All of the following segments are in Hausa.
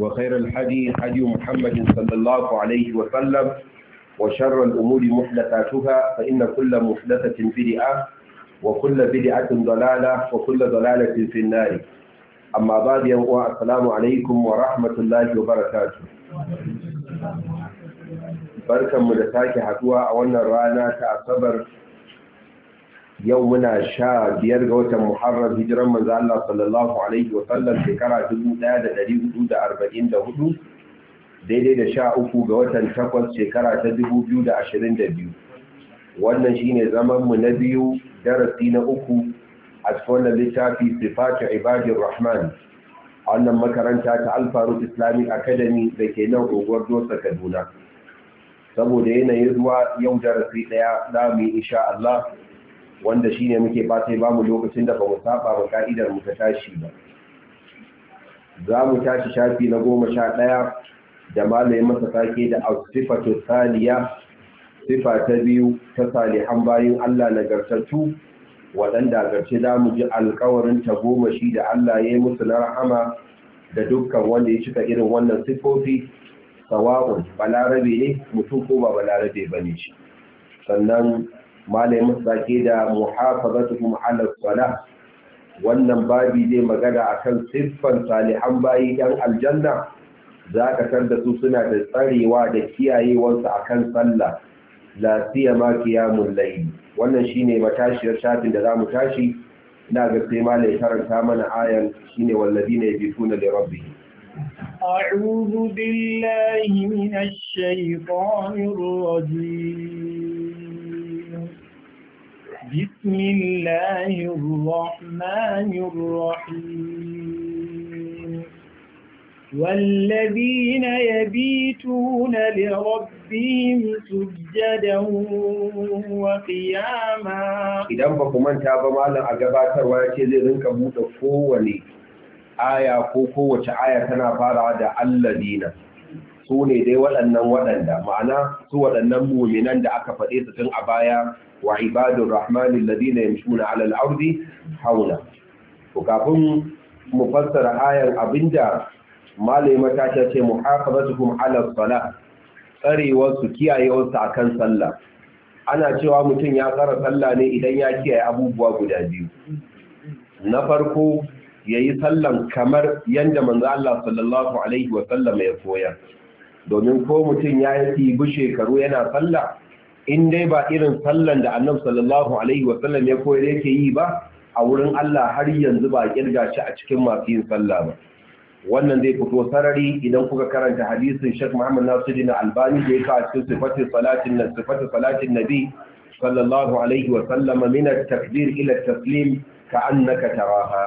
وخير الحدي حدي محمد صلى الله عليه وسلم وشر الأمور محدثاتها فإن كل محدثة بدعة وكل بدعة ضلالة وكل ضلالة في النار أما بعد السلام عليكم ورحمة الله وبركاته barkan mu da sake haduwa a wannan rana ta asabar yau muna sha biyar ga watan muharram hijiran manzo Allah sallallahu alaihi wa sallam shekara 1444 daidai da sha uku ga watan takwas shekara ta 2022 wannan shine zaman mu na biyu darasi na uku a cikin littafi sifatu ibadir rahman wannan makaranta ta alfaru islamic academy da ke nan unguwar dosa kaduna saboda yanayin ruwa yau darasi daya za mu yi insha Allah wanda shine muke ba ya bamu lokacin da ba mu saba ba ka'idar mu ta tashi ba za mu tashi shafi na goma sha ɗaya da malayin masa sake da asifatu saniya sifa ta biyu ta salihan bayan Allah na nagartattu waɗanda garce za mu ji alkawarin ta goma shi da Allah ya yi musu na rahama da dukkan wanda ya cika irin wannan sifofi sawa'un balarabe ne mutum ko ba balarabe ba ne shi sannan malamin sake da muhafazatuhum ala wala wannan babi zai magana akan siffan salihan bayi yan aljanna za ka san da su suna da tsarewa da kiyayewarsu akan sallah la ma qiyamul layl wannan shine matashiyar shafin da zamu tashi na ga sai malai karanta mana ayan shine walladina yabituna li rabbihim أعوذ بالله من الشيطان الرجيم بسم الله الرحمن الرحيم والذين يبيتون لربهم سجدا وقياما idan ba ku manta ba malam a gabatarwa yace zai rinka buɗe kowane aya ko kowace aya tana farawa da alladina su ne dai waɗannan waɗanda ma'ana su waɗannan muminan da aka faɗe su tun a baya wa ibadun rahmanin ladina yamshuna ala al-ardi hauna to mu fassara ayar abinda malai matasha ce muhafazatuhum ala salat tsarewar su kiyayewar su akan sallah ana cewa mutum ya tsara sallah ne idan ya kiyaye abubuwa guda biyu na farko yayi sallan kamar yadda manzo Allah sallallahu alaihi wa sallam ya koyar domin ko mutum ya yi bi shekaru yana sallah in dai ba irin sallan da annabi sallallahu alaihi wa sallam ya koyar yake yi ba a wurin Allah har yanzu ba kirga shi a cikin masu yin sallah ba wannan zai fito sarari idan kuka karanta hadisin Sheikh Muhammad Nasiru na Albani da yake a cikin sifatu salatin nan sifatu salatin nabi sallallahu alaihi wa sallam min at-takbir ila at-taslim ka'annaka taraha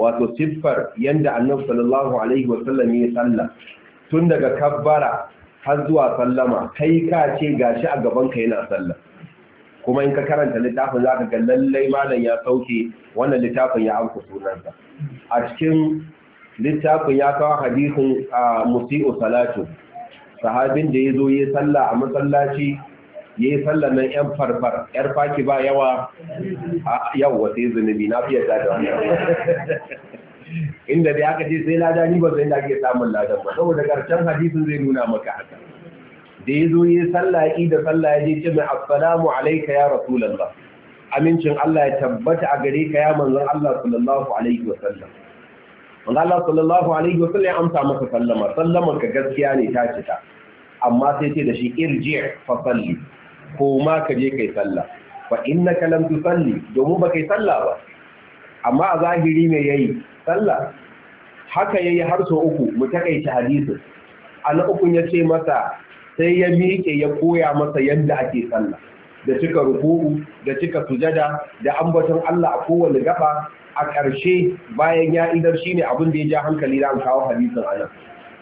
wato siffar yanda annabi sallallahu alaihi wa sallam ya salla tun daga kabbara har zuwa sallama kai ka ce gashi a gaban ka yana sallah kuma in ka karanta littafin zaka ga lallai malam ya sauke wannan littafin ya amsa sunansa a cikin littafin ya kawo hadisin musi'u salatu sahabin da ya zo ya sallah a masallaci ya yi sallah nan yan farfar yar faki ba yawa yawa sai zunubi na fiye da da inda da aka ce sai lada ni ba sai da ake samun ladan ba saboda karshen hadisin zai nuna maka haka da ya zo yi sallah ya da sallah ya je ce mai assalamu alaika ya rasulallah amincin Allah ya tabbata a gare ka ya manzon Allah sallallahu alaihi wa sallam manzon Allah sallallahu alaihi wa sallam ya amsa maka sallama sallama ka gaskiya ne ta cika amma sai ce da shi irji fa salli ko ma ka je kai sallah fa innaka lam tusalli domin ba kai sallah ba amma a zahiri mai yayi sallah haka yayi har so uku mu takaice hadisin ana ukun ya ce masa sai ya miƙe ya koya masa yadda ake sallah da cika ruku'u da cika sujada da ambaton Allah a kowane gaba a ƙarshe bayan ya idar shine abin da ya ja hankali da an kawo hadisin anan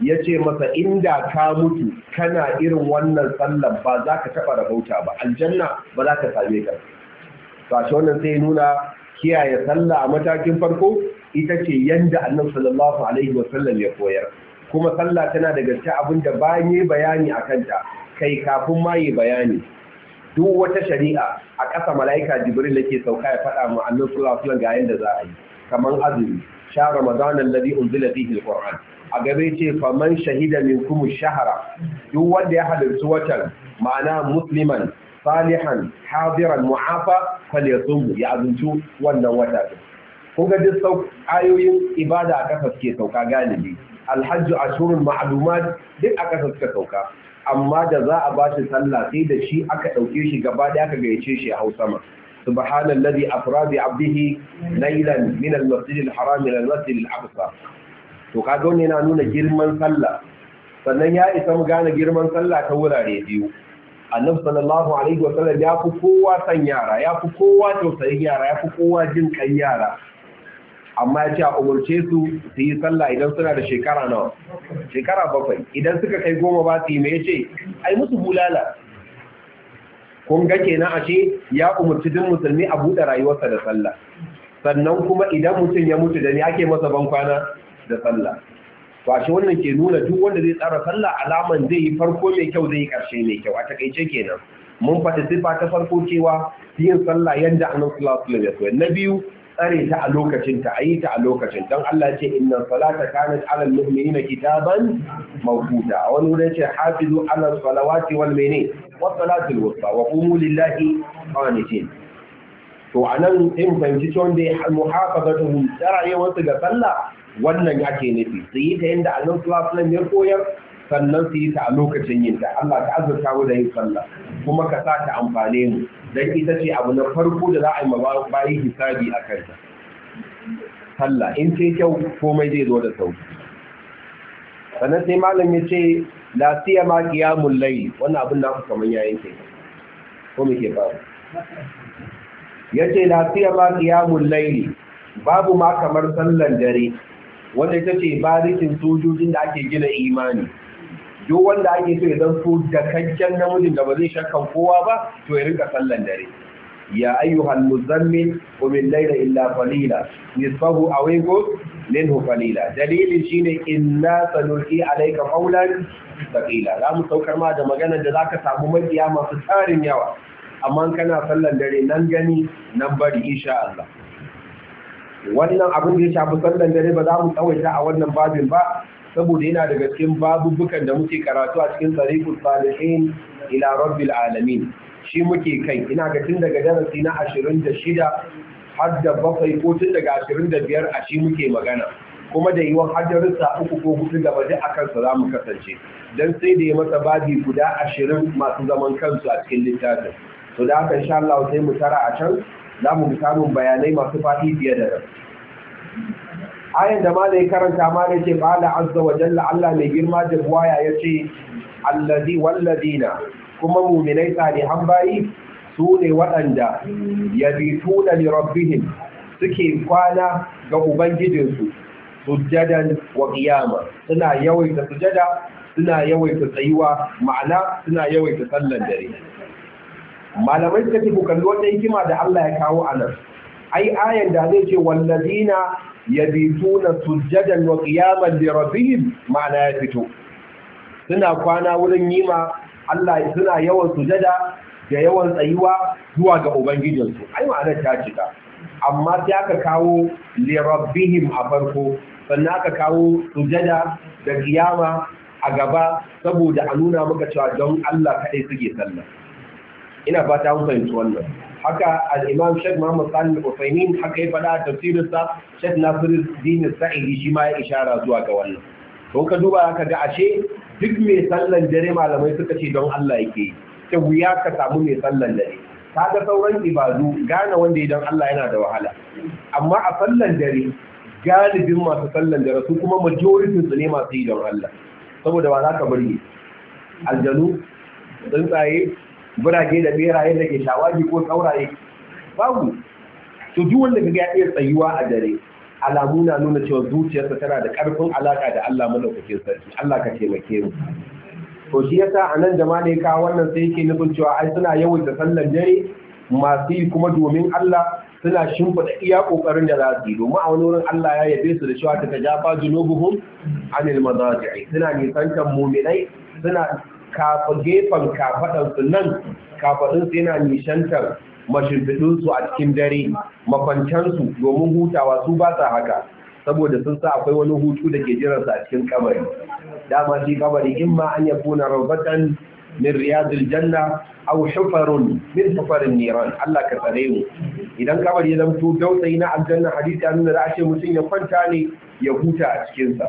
ya ce masa inda ka mutu kana irin wannan sallar ba za ka taɓa rabauta ba aljanna ba za ka same ka shi wannan sai nuna kiyaye sallah a matakin farko ita ce yadda annabi sallallahu alaihi wasallam ya koyar kuma sallah tana da gaske abin da bayan yi bayani a kanta kai kafin ma yi bayani duk wata shari'a a ƙasa mala'ika jibril yake sauka ya faɗa mu annabi sallallahu alaihi wasallam ga yanda za a yi kamar azumi sha ramadan alladhi unzila fihi alquran a gabe ce faman shahida minkum shahara duk wanda ya halarci watan ma'ana musliman salihan hadiran mu'afa falyasum ya azuntu wannan wata kun ga duk ayoyin ibada a ƙasa suke sauka galibi alhajju ashurun ma'aluma duk a ƙasa suka sauka amma da za a ba shi sallah sai da shi aka ɗauke shi gaba ɗaya aka gayyace shi a Hausa subhanallazi afra bi abdihi laylan min al-masjid al-haram ila al-masjid al-aqsa to kaga wannan yana nuna girman sallah sannan ya isa mu gane girman sallah ta wurare biyu annabi sallallahu alaihi wasallam ya fi kowa san yara ya fi kowa tausayin yara ya fi kowa jin kan yara amma ya ce a umarce su su yi sallah idan suna da shekara nawa shekara bakwai idan suka kai goma ba su yi mai ce ai musu bulala kun ga kenan a ce ya umarci duk musulmi a buɗe rayuwarsa da sallah sannan kuma idan mutum ya mutu da ni ake masa ban kwana da sallah to wannan ke nuna duk wanda zai tsara sallah alaman zai yi farko mai kyau zai yi ƙarshe mai kyau a takaice kenan mun faɗi sifa ta farko cewa yin sallah yadda annabi sallallahu ya so na biyu tsare ta a lokacinta a yi ta a lokacin don Allah ce inna salata kanat alal mu'minina kitaban mawquta a wani wurin ce hafizu ala salawati wal mene wa salatul wusta wa qumu lillahi qanitin to anan in banci ce wanda muhafazatu tsarayewa su ga sallah wannan yake nufi su yi ta yadda anan sallallahu ya koyar sannan su yi ta a lokacin yin ta Allah ta azurta mu da yin sallah kuma ka sa ta amfane mu dan ita ce abu na farko da za a yi ma bayi hisabi a kanta sallah in ce kyau komai zai zo da sauki sannan sai malam ya ce la ma qiyamul layl wannan abin da ku kaman yayin ke ko me ke babu yace la ma qiyamul layl babu ma kamar sallan dare wanda ita ce barikin sojojin da ake gina imani duk wanda ake so ya zanto dakakken namijin da ba zai shakkan kowa ba to ya rinka sallan dare ya ayyuhal muzammil wa min layla illa qalila nisfahu aw yaqul qalila dalilin shine inna sanulqi alayka qawlan thaqila za mu saukar ma da maganar da zaka samu mabiya masu tarin yawa amma kana sallan dare nan gani nan bari insha Allah wannan abin da ya shafi sallan dare ba za mu tsawaita a wannan babin ba saboda yana daga cikin babubukan da muke karatu a cikin tsarikul salihin ila rabbil alamin shi muke kai ina ga tun daga darasi na 26 har da bakwai ko tun daga 25 a shi muke magana kuma da yiwuwar hajjarsa uku ko hudu da baje a kansa za mu kasance dan sai da ya masa babi guda ashirin masu zaman kansu a cikin littafin to da haka insha Allah sai mu tara a can za mu samu bayanai masu fadi fiye da nan ayan da malai karanta ma da ce qala azza wa jalla Allah mai girma da buwaya yace allazi walladina kuma mu'minai salihan bayi su ne waɗanda yabituna li rabbihim suke kwana ga ubangijinsu sujjadan wa qiyama suna yawaita sujada suna yawaita tsayuwa ma'ana suna yawaita sallan dare malamai suka ce ku hikima da Allah ya kawo anan. ai ayan da zai ce wallazina yabituna sujjadan wa qiyaman li rabbihim ma'ana ya fito suna kwana wurin yima Allah suna yawan sujada da yawan tsayuwa zuwa ga ubangijinsu ai ma'ana ta cika amma sai aka kawo li rabbihim a farko sannan aka kawo sujada da qiyama a gaba saboda a nuna maka cewa don Allah kaɗai suke sallah ina fata mun fahimci wannan haka al-imam Sheikh Muhammad Salih al haka ya faɗa a tafsirin sa Sheikh Nasiruddin Sa'idi shi ma ya ishara zuwa ga wannan to ka duba haka ga ashe duk mai sallan dare malamai suka ce don Allah yake ta wuya ka samu mai sallan dare ga sauran ibadu gane wanda ya don Allah yana da wahala amma a sallan dare galibin masu sallan dare su kuma majority su ne masu yi don Allah saboda ba za ka bari aljanu tsuntsaye birage da beraye da ke shawagi ko tsauraye babu su ji wanda ga ya iya tsayuwa a dare alamu na nuna cewa zuciyarsa tana da karfin alaka da Allah madaukakin sarki Allah ka taimake mu to shi yasa nan jama'a ne ka wannan sai yake nufin cewa ai suna yawan da sallan dare masu yi kuma domin Allah suna shimfiɗa iya ƙoƙarin da za su yi domin a wani wurin Allah ya yabe su da cewa ta jafa junubuhum anil madaji'i suna nisantar muminai suna gefen kafaɗansu nan kafaɗinsu yana nishantar mashimfiɗinsu a cikin dare makwancansu domin hutawa su ba sa haka saboda sun sa akwai wani hutu da ke jiransu a cikin kamari dama shi kamari in ma an ya kuna rabatan min riyadul janna aw hufarun min hufarin niran Allah ka tsare mu idan kamari ya zamto dautsai na aljanna hadisi nuna da ashe mutum ya kwanta ne ya huta a cikin sa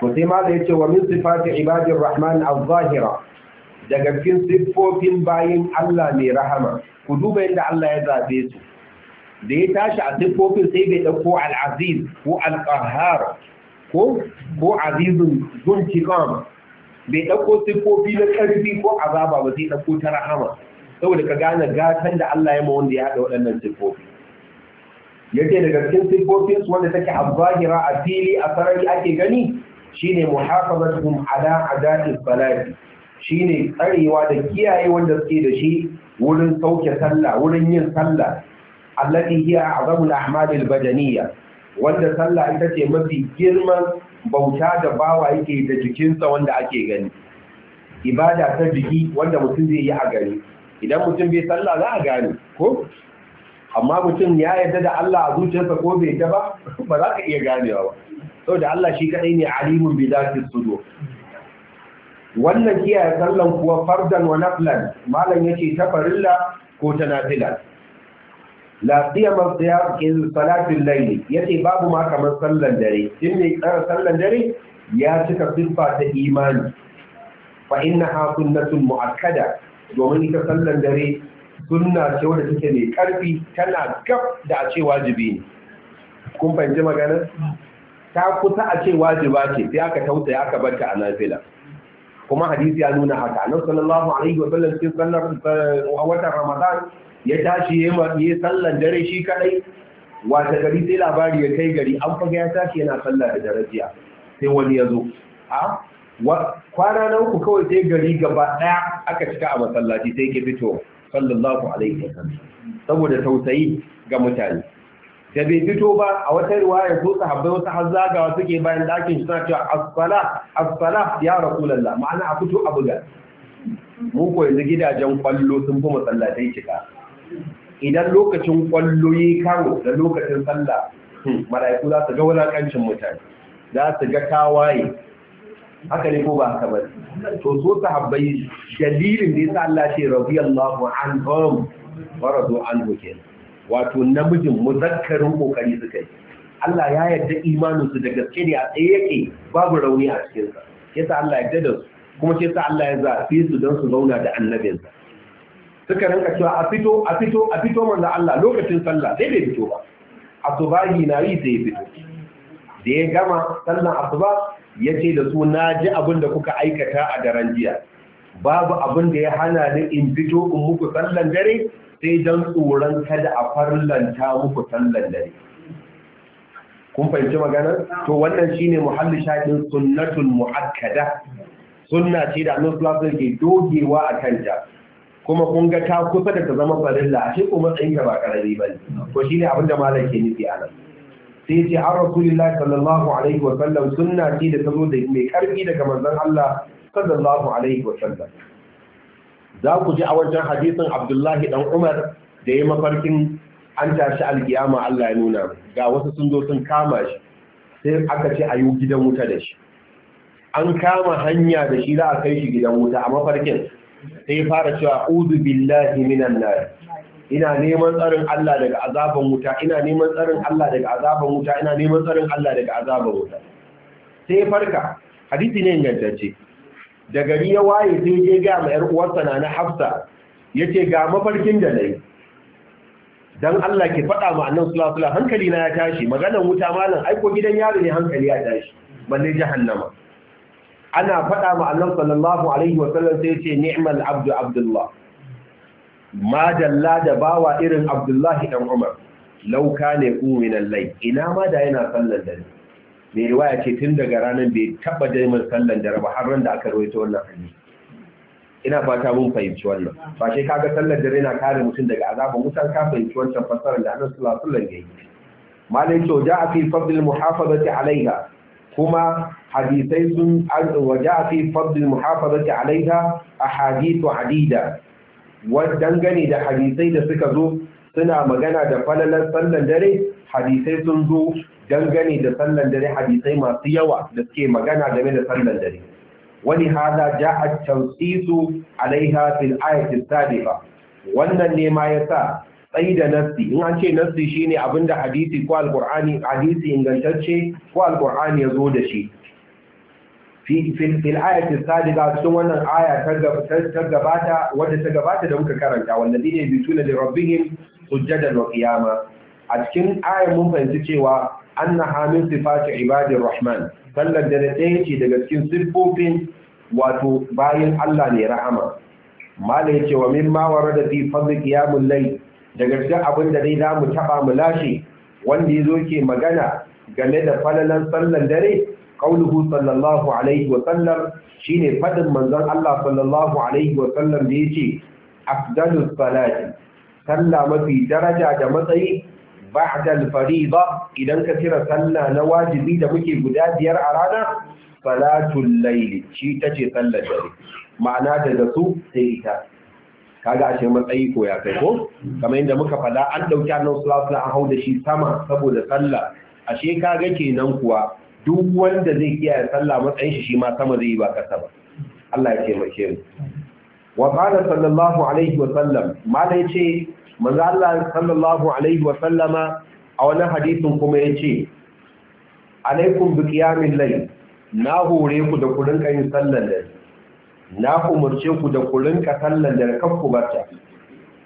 to ma da yace wa min sifati ibadir rahman az-zahira daga cikin siffofin bayin Allah mai rahama ku duba yadda Allah ya zabe su da ya tashi a siffofin sai bai dauko al-aziz ko al-qahhar ko ko azizun dun bai dauko siffofi na karfi ko azaba ba sai dauko ta rahama saboda ka gane gatan da Allah ya ma wanda ya hada waɗannan siffofi yake daga cikin siffofin wanda take a zahira a fili a sarari ake gani shine muhafazatuhum ala adati salati shine tsarewa da kiyaye wanda suke da shi wurin sauke sallah wurin yin sallah allati hiya a'zamu al-ahmad badaniyya wanda sallah ita ce mafi girman bauta da bawa yake da jikinsa wanda ake gani ibada ta jiki wanda mutum zai yi a gari idan mutum bai sallah za a gane ko amma mutum ya yarda da Allah a zuciyarsa ko bai ta ba ba za ka iya ganewa ba saboda Allah shi kadai ne alimun bi zati sudur wannan kiyaye sallan kuwa fardan wa naflan malam yace ta farilla ko ta nafila la siyama siyam in salatin layli yace babu ma kamar sallan dare din ne tsara sallan dare ya cika siffa ta imani fa innaha sunnatun muakkada domin ita sallan dare sunna ce wanda take mai karfi tana gab da a ce wajibi ne kun fahimci magana ta kusa a ce wajiba ce sai aka tausaya aka barta a nafila kuma hadisi ya nuna haka annabi sallallahu alaihi wa sallam cikin sallar eh, a watan ramadan ya tashi yi sallar dare shi kadai wata gari sai labari ya kai gari an faga ya tashi yana sallah da darajiya sai wani ya zo a kwana na uku kawai sai gari gaba daya aka cika a masallaci sai ke fito sallallahu alaihi wa sallam saboda tausayi ga mutane da bai fito ba a wata riwaya ko sahabbai wasu har zagawa suke bayan dakin shi suna cewa as asfala ya rasulullah ma'ana a fito a buga mu ko yanzu gidajen kwallo sun fi masallatai cika idan lokacin kwallo yi karo da lokacin sallah hmm, mala'iku za su ga wulakancin mutane za su ga tawaye haka ne ko ba haka ba to so sahabbai dalilin da yasa Allah ce radiyallahu anhum wa radu anhu kenan wato namijin muzakkarin kokari suka yi Allah ya yarda imaninsu da gaske ne a tsaye yake babu rauni a cikinsa yasa Allah ya da su kuma shi sa Allah ya zafi su don su zauna da annabinsa suka rinka cewa a fito a fito a fito manzo Allah lokacin sallah sai bai fito ba asubahi na yi sai ya fito da ya gama sallan asuba ya ce da su na ji abin da kuka aikata a daren jiya babu abin da ya hana ni in fito in muku sallan dare sai don tsoron kada a farlanta muku sallan dare kun fahimci magana? to wannan shine muhalli shaɗin sunnatul mu'akkada sunna ce da annabi sallallahu ke dogewa a kanta kuma kun ga ta kusa da ta zama farilla a ko matsayin ka ba karami bane to shine abin da malam ke nufi a nan sai ce an rasulullahi sallallahu alaihi wa sallam sunna ce da ta zo da mai karfi daga manzon Allah sallallahu alaihi wa sallam za ku ji a wancan hadisin abdullahi dan umar da ya mafarkin an tashi alkiyama allah ya nuna ga wasu sun zo sun kama shi sai aka ce a yi gidan wuta da shi an kama hanya da shi za a kai shi gidan wuta a mafarkin sai fara cewa udu billahi minan nar ina neman tsarin Allah daga azaban wuta ina neman tsarin Allah daga azaban wuta ina neman tsarin Allah daga azaban wuta sai farka hadisi ne ingantacce da gari ya waye sai je ga ma yar uwarsa na na Hafsa yace ga mafarkin da nayi dan Allah ki faɗa ma annabi sallallahu alaihi hankali na ya tashi maganar wuta malam ai ko gidan yaro ne hankali ya tashi balle jahannama ana faɗa ma annabi sallallahu alaihi wasallam sai yace ni'mal abdu abdullah ma dalla da bawa irin abdullahi dan umar lauka ne uminan lai ina ma da yana sallan dare mai riwaya ce tun daga ranar bai taba daiman sallan dare ba har ran da aka rawaito wannan hadisi ina fata mun fahimci wannan ba shi kaga sallar dare na kare mutum daga azabar wutar ka fahimci wancan fassarar da Annabi sallallahu alaihi wasallam yayi malai to ja'a fi fadl muhafazati alaiha kuma hadisai sun wa ja'a fi fadl muhafazati alaiha ahadithu adida wa dangane da hadisai da suka zo suna magana da falalar sallan dare hadisai sun zo dangane da sallan dare hadisai masu yawa da suke magana game da sallan dare wani hada ja'a tawsisu alaiha fil ayati sabiqa wannan ne ma yasa tsayi da nassi in an ce nassi shine abinda hadisi ko alqur'ani hadisi ingantacce ko alqur'ani yazo da shi fi fil ayati sabiqa cikin wannan aya ta gabata wadda ta gabata da muka karanta bi tuna li rabbihim sujjadan wa qiyama a cikin ayan mun fahimci cewa annaha min sifati ibadir rahman sallar dare ɗaya ce daga cikin siffofin wato bayan Allah ne rahama mala yace wa mimma warada fi fadl qiyamul layl daga cikin abin da dai zamu taba mu lashe wanda yazo ke magana game da falalan sallar dare qauluhu sallallahu alaihi wa sallam shine fadin manzon Allah sallallahu alaihi wa sallam da yace afdalus salati sallah mafi daraja da matsayi بعد الفريضة إذا كثير صلى نواجب إذا مكي قداد يرعى رانا صلاة الليل شي تجي صلى جري معناه تدسو سيئتا kaga ashe matsayi ko ya kai ko kamar yadda muka faɗa an ɗauki annabi sallallahu alaihi wasallam da shi sama saboda sallah ashe kaga kenan kuwa duk wanda zai kiyaye sallah matsayin shi shi ma sama zai yi ba kasa ba Allah ya ce mu wa qala sallallahu alaihi wa sallam mala yace manzo Allah sallallahu alaihi wa sallama a wani hadisin kuma yace alaikum bi qiyamil layl na hore ku da ku rinka yin sallar dare na umurce ku da ku rinka sallar dare kan ku barta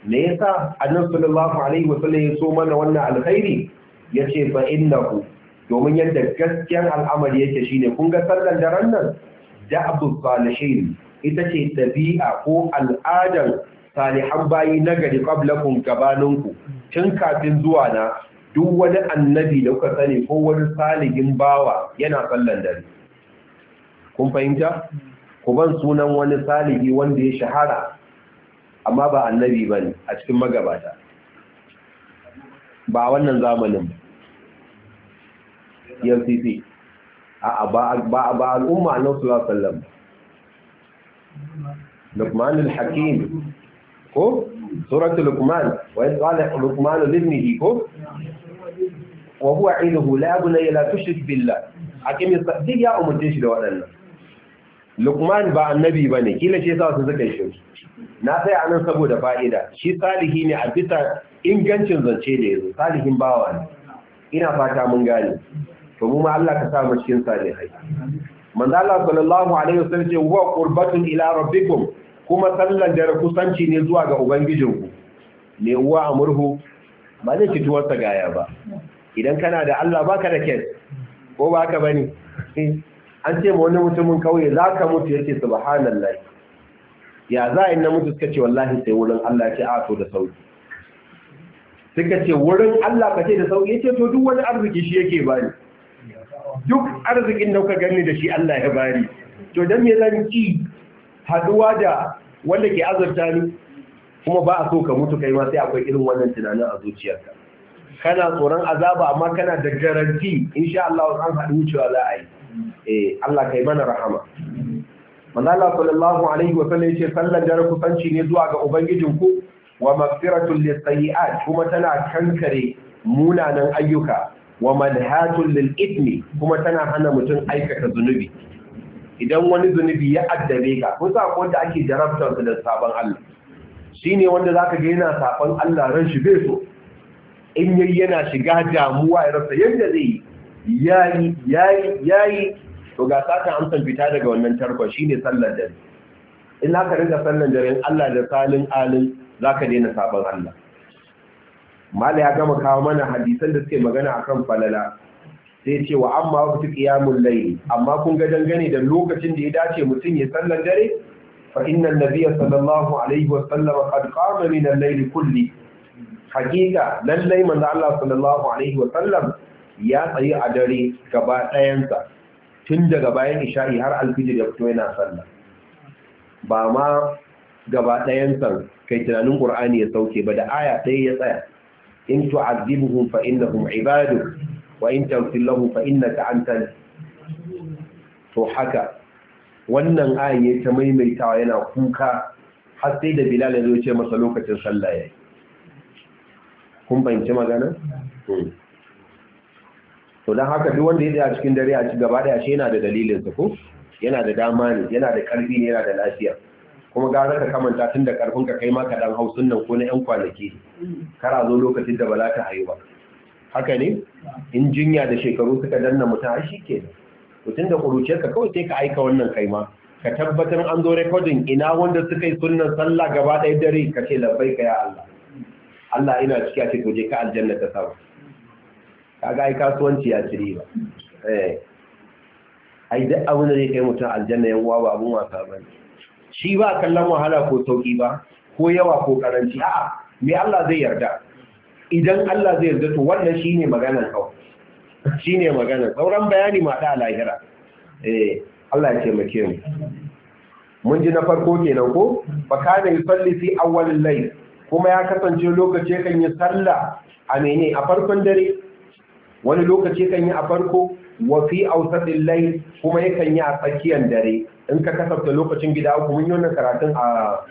me yasa annabi sallallahu alaihi wa sallam ya so mana wannan alkhairi yace fa innahu domin yadda gaskiyar al'amari yake shine kun ga sallar daren nan da'abu salihin ita ce tabi'a ko al'adar salihan bayi gari qablakum gabaninku tun kafin zuwa na duk wani annabi da kuka sani ko wani salihin bawa yana sallan dare kun fahimta ku ban sunan wani salihi wanda ya shahara amma ba annabi bane a cikin magabata ba wannan zamanin FCC e a ba ba al'umma a sallallahu alaihi wasallam Luqman al-Hakim ko suratul luqman wa idh qala luqman limnihi ko wa huwa ilahu la bunay la tushrik billah akimi sadiq ya umurce shi da waɗannan luqman ba annabi bane kila ce sa su zaka shi na sai anan saboda fa'ida shi salihi ne a bisa ingancin zance da yazo salihin bawa ne ina fata mun gane to mu ma Allah ka sa mu cikin salihai manzo Allah sallallahu alaihi wasallam ce wa qurbatun ila rabbikum kuma sallan dare kusanci ne zuwa ga ubangijinku ne uwa a murhu ba zai fituwarsa gaya ba idan kana da Allah baka da kes ko baka bane an ce ma wani mutumin kauye za ka mutu yake subhanallah ya za a na mutu suka ce wallahi sai wurin Allah ce a to da sauki suka ce wurin Allah ka ce da sauki yace to duk wani arziki shi yake bani duk arzikin da kuka gani da shi Allah ya bari to dan me zan ci haduwa da wanda ke azurta ni kuma ba a so ka mutu kai ma sai akwai irin wannan tunanin a zuciyarka kana tsoron azaba amma kana da garanti insha Allah an haɗu wucewa za a yi eh Allah kai mana rahama manzo Allah sallallahu alaihi wa sallam yace sallan dare kusanci ne zuwa ga ubangijinku wa maghfiratul lisayiat kuma tana kankare munanan ayyuka wa manhatul lil ithmi kuma tana hana mutum aikata zunubi idan wani zunubi ya addabe ka ko sa da ake jarabtar su da sabon Allah shine wanda zaka ga yana sabon Allah ran shi bai so in yayi yana shiga damuwa ya rasa yanda zai yayi yayi yayi to ga an san fita daga wannan tarkon shine sallar dare in aka rinka sallar dare Allah da salin alin zaka daina sabon Allah mala ya gama kawo mana hadisan da suke magana akan falala sai ce wa amma waqtu kiyamun layl amma kun ga dangane da lokacin da ya dace mutum ya sallar dare fa inna nabiyya sallallahu alaihi wa sallam qad qama min al-layl kulli Hakika lallai manzo Allah sallallahu alaihi wa sallam ya tsayi a dare gaba tun daga bayan isha'i har alfijir ya fito yana sallah ba ma gaba kai tunanin qur'ani ya sauke ba da aya ɗaya ya tsaya in tu'azzibuhum fa innahum ibaduk wa in tawfir lahu fa innaka to haka wannan ayi ta maimaitawa yana kuka har sai da bilal ya zo ce masa lokacin sallah yayi kun fahimci magana to don haka duk wanda ya a cikin dare a ci gaba da shi yana da dalilin sa ko yana da dama ne yana da karfi ne yana da lafiya kuma gara ka kamanta tun da karfin ka kai ma ka dan hausun nan ko na yan Kar kara zo lokacin da Bala ta hayu ba haka ne in jinya da shekaru suka danna mutum har shi ke mutum da kuruciyar ka kawai sai ka aika wannan kaima ka tabbatar an zo rekodin ina wanda suka yi sunnan sallah gaba ɗaya dare ka ce labbai ka ya Allah Allah ina ciki a ce to ka aljanna ta samu kaga ai kasuwanci ya ciri ba eh ai duk abin da zai kai mutum aljanna yan uwa ba abun wasa ne. shi ba kallon wahala ko sauki ba ko yawa ko karanci a'a me Allah zai yarda idan Allah zai yarda to wannan shine maganar kawai shine maganar sauran bayani ma da lahira eh Allah ya taimake mu mun ji na farko kenan ko fa kana yusalli fi awwalil layl kuma ya kasance lokaci kan yi sallah a mene a farkon dare wani lokaci kan yi a farko wa fi awsatil layl kuma yakan yi a tsakiyar dare in ka kasafta lokacin gida uku mun yi wannan karatun a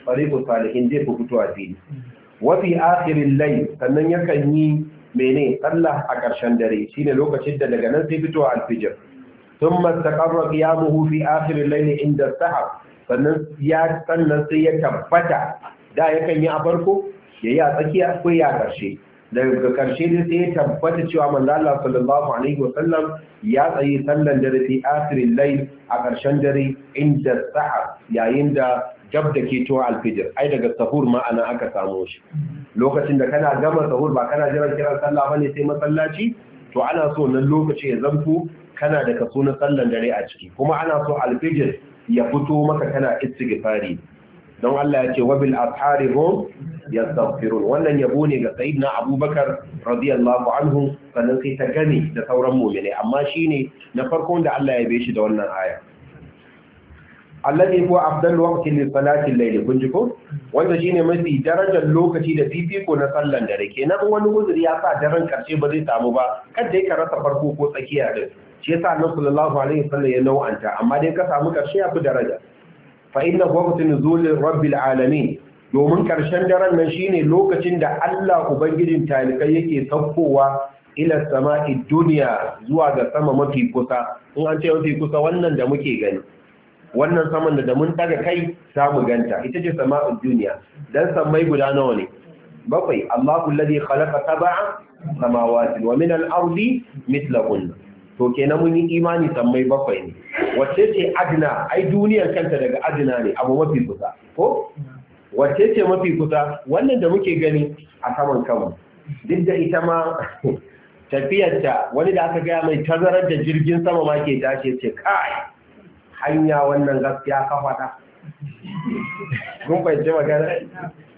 fariqu salihin zai fi fito a fili wafi asirin lai sannan yakan yi mene sallah a ƙarshen dare shine lokacin da daga nan sai fito alfijir ثم استقر قيامه في آخر الليل inda sahab sannan ya sannan sai ya tabbata da yakan yi a farko ya yi a tsakiya ko ya ƙarshe. daga karshe da sai ya tabbata cewa manzo Allah sallallahu alaihi wasallam ya tsayi sallan dare fi asirin lail a ƙarshen dare inda sahar yayin da jab da ke cewa alfijir ai daga sahur ma ana aka samu shi lokacin da kana gama sahur ba kana jiran kiran sallah bane sai masallaci to ana so nan lokaci ya zanto kana da kaso na sallan dare a ciki kuma ana so alfijir ya fito maka kana istighfari don Allah ya ce wabil ashari hum yastaghfirun wannan yabo ne ga sayyidina abubakar radiyallahu anhu sannan sai ta gane da sauran mu'mini amma shine na farko da Allah ya shi da wannan aya alladhi huwa afdal waqti li salati al-layl kun ji ko wanda shine mafi darajar lokaci da fifiko na sallan dare kenan wani uzuri ya sa daren karshe ba zai samu ba kada ya rasa farko ko tsakiya din shi yasa annabi sallallahu alaihi wasallam ya nau'anta amma dai ka samu karshe ya fi daraja fa inna waqti nuzul rabbil alamin domin ƙarshen daren nan shine lokacin da Allah Ubangijin talikai yake saukowa ila sama'i duniya zuwa ga sama mafi kusa in an ce mafi kusa wannan da muke gani wannan saman da mun daga kai samu ganta ita ce sama'in duniya dan samai guda nawa ne bakwai Allahu alladhi khalaqa sab'a samawati wa min al-ardi mithlahun to kenan mun yi imani samai bakwai ne wacce ce adna ai duniyar kanta daga adna ne abu mafi kusa ko wacce ce mafi kusa wannan da muke gani a saman kanmu duk da ita ma tafiyarta wani da aka gaya mai tazarar da jirgin sama ma ke tashi ce kai hanya wannan gaskiya ka mun fahimci magana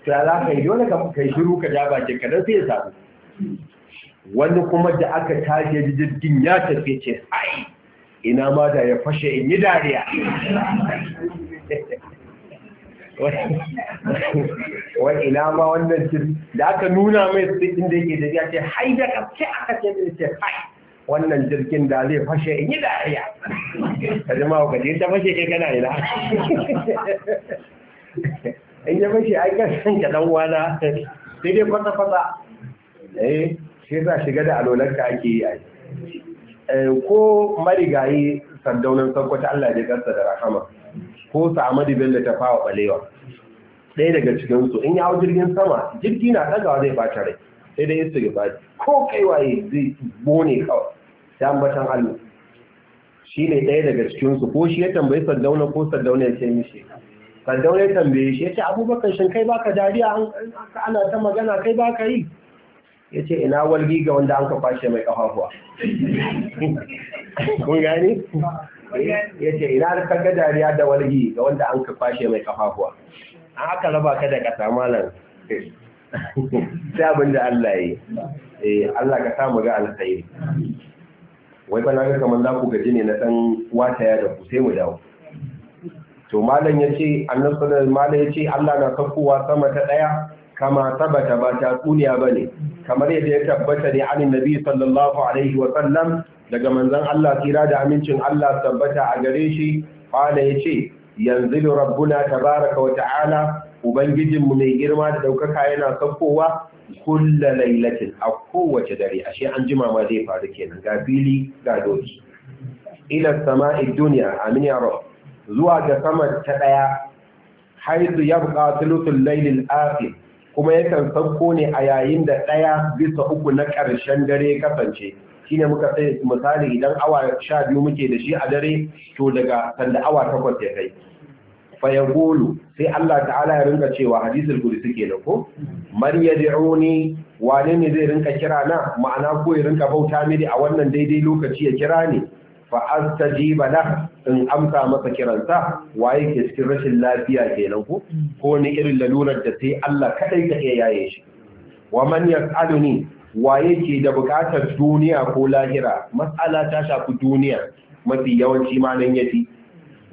ta za ka yi dole ka kai shiru ka daba ce, ka sai ya samu wani kuma da aka tashi jirgin ya tafi ce ai ina ma da ya fashe in yi dariya wani ina ma wannan cin da aka nuna mai tsikin da yake tafiya ce hai da kafce aka ce da ce hai wannan jirgin da zai fashe in yi dariya ka zama ka gaji ta fashe kai kana ila in ya fashe ai ka san ka dan wana sai dai kwata kwata eh sai za shiga da ka ake yi ai eh, ko marigayi sandaunan sankwata Allah ya kansa da rahama ko Sa'amadu Bello ta fawa balewa ɗaya daga cikin su in ya hau jirgin sama jirgi na ɗagawa zai ba rai sai dai su gaba ko kai waye zai bone kawai sai ambatan Allah shi ne ɗaya daga cikin su ko shi ya tambayi sardauna ko sardauna ya ce mishi sardauna ya tambaye shi ya ce abubakar shin kai baka dariya ana ta magana kai baka yi ya ce ina walgi ga wanda an ka kwashe mai kafafuwa kun gani ya ce ina ka ga dariya da walgi ga wanda an ka kwashe mai ƙafafuwa? a haka raba ka da ƙasa malam sai abin da Allah yi. yi eh, Allah ka samu ga alkhairi wai ba na ga kamar za ku gaji ne na ɗan ya da ku sai mu dawo to malam ya ce annabi malam ya ce Allah na saukowa sama ta ɗaya kama tabbata ba ta tsuniya ba ne kamar yadda ya tabbata ne anin nabi sallallahu alaihi wa sallam daga manzon Allah tira da amincin Allah tabbata a gare shi fala ya ce yanzu rabbuna tabaraka wa ta'ala ubangijinmu mai girma da daukaka yana saukowa kulla lailatin a kowace dare ashe an jima ma zai faru kenan ga fili ga doki ila sama'i duniya amin ya zuwa ga sama ta daya haizu buka thuluthul lailin akhir kuma yakan sauko ne a yayin da daya bisa uku na karshen dare kasance shine muka sai misali idan awa sha biyu muke da shi a dare to daga sanda awa takwas ya kai fayagolu sai Allah ta'ala ya rinka cewa hadisul suke da ko man yad'uni wane ne zai rinka kira na ma'ana ko ya rinka bauta mini a wannan daidai lokaci ya kira ne fa ji bala in amsa masa kiransa waye ke cikin rashin lafiya kenan ko ko ne irin lalurar da sai Allah kadai ka iya yaye shi wa man yas'aluni waye ke da bukatar duniya ko lahira matsala ta shafi duniya mafi yawanci ma nan yafi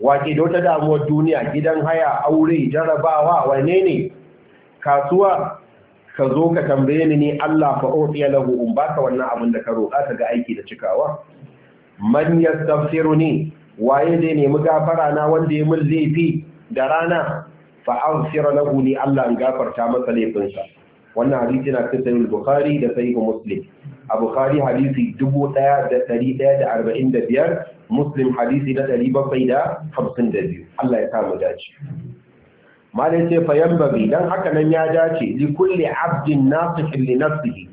Wace da wata damuwar duniya gidan haya aure jarabawa wane ne kasuwa ka zo ka tambaye ni ne Allah fa utiya lahu in baka wannan abin da ka roƙa ka ga aiki da cikawa man yastaghfiruni waye zai nemi gafara na wanda ya min laifi da rana fa aghfir lahu ni Allah in gafarta masa laifinsa wannan hadisi na cikin sahih bukhari da sahih muslim a bukhari hadisi 1145 muslim hadisi na 752 Allah ya sa mu dace malai ce fayan babi dan haka nan ya dace li kulli abdin nasihin li nafsihi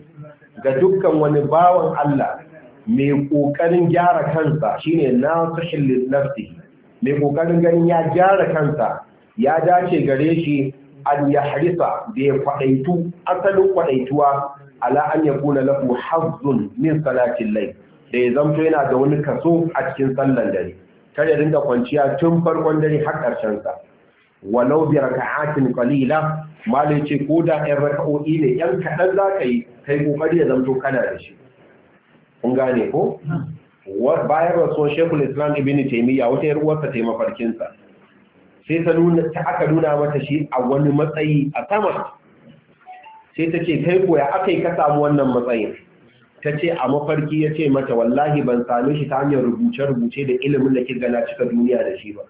ga dukkan wani bawan Allah mai kokarin gyara kansa shine nasihin li nafsihi mai kokarin ganin ya gyara kansa ya dace gare shi an ya harisa da ya kwaɗaitu asalin kwaɗaituwa ala an ya kuna lahu hazzun min salatin lai da ya zamto yana da wani kaso a cikin sallan dare kar ya dinga kwanciya tun farkon dare har ƙarshen sa walau bi raka'atin qalila malai ce ko da ɗan raka'o'i ne ɗan kaɗan za ka yi kai kokari ya zamto kana da shi kun gane ko hmm. bayan rasuwar shekul islam ibn taimiyya wata yar uwarsa taimafarkinsa sai ta nuna ta aka nuna mata shi a wani matsayi a sama sai ta ce kai koya aka yi ka samu wannan matsayin ta ce a mafarki ya ce mata wallahi ban same shi ta hanyar rubuce-rubuce da ilimin da kirga na cika duniya da shi ba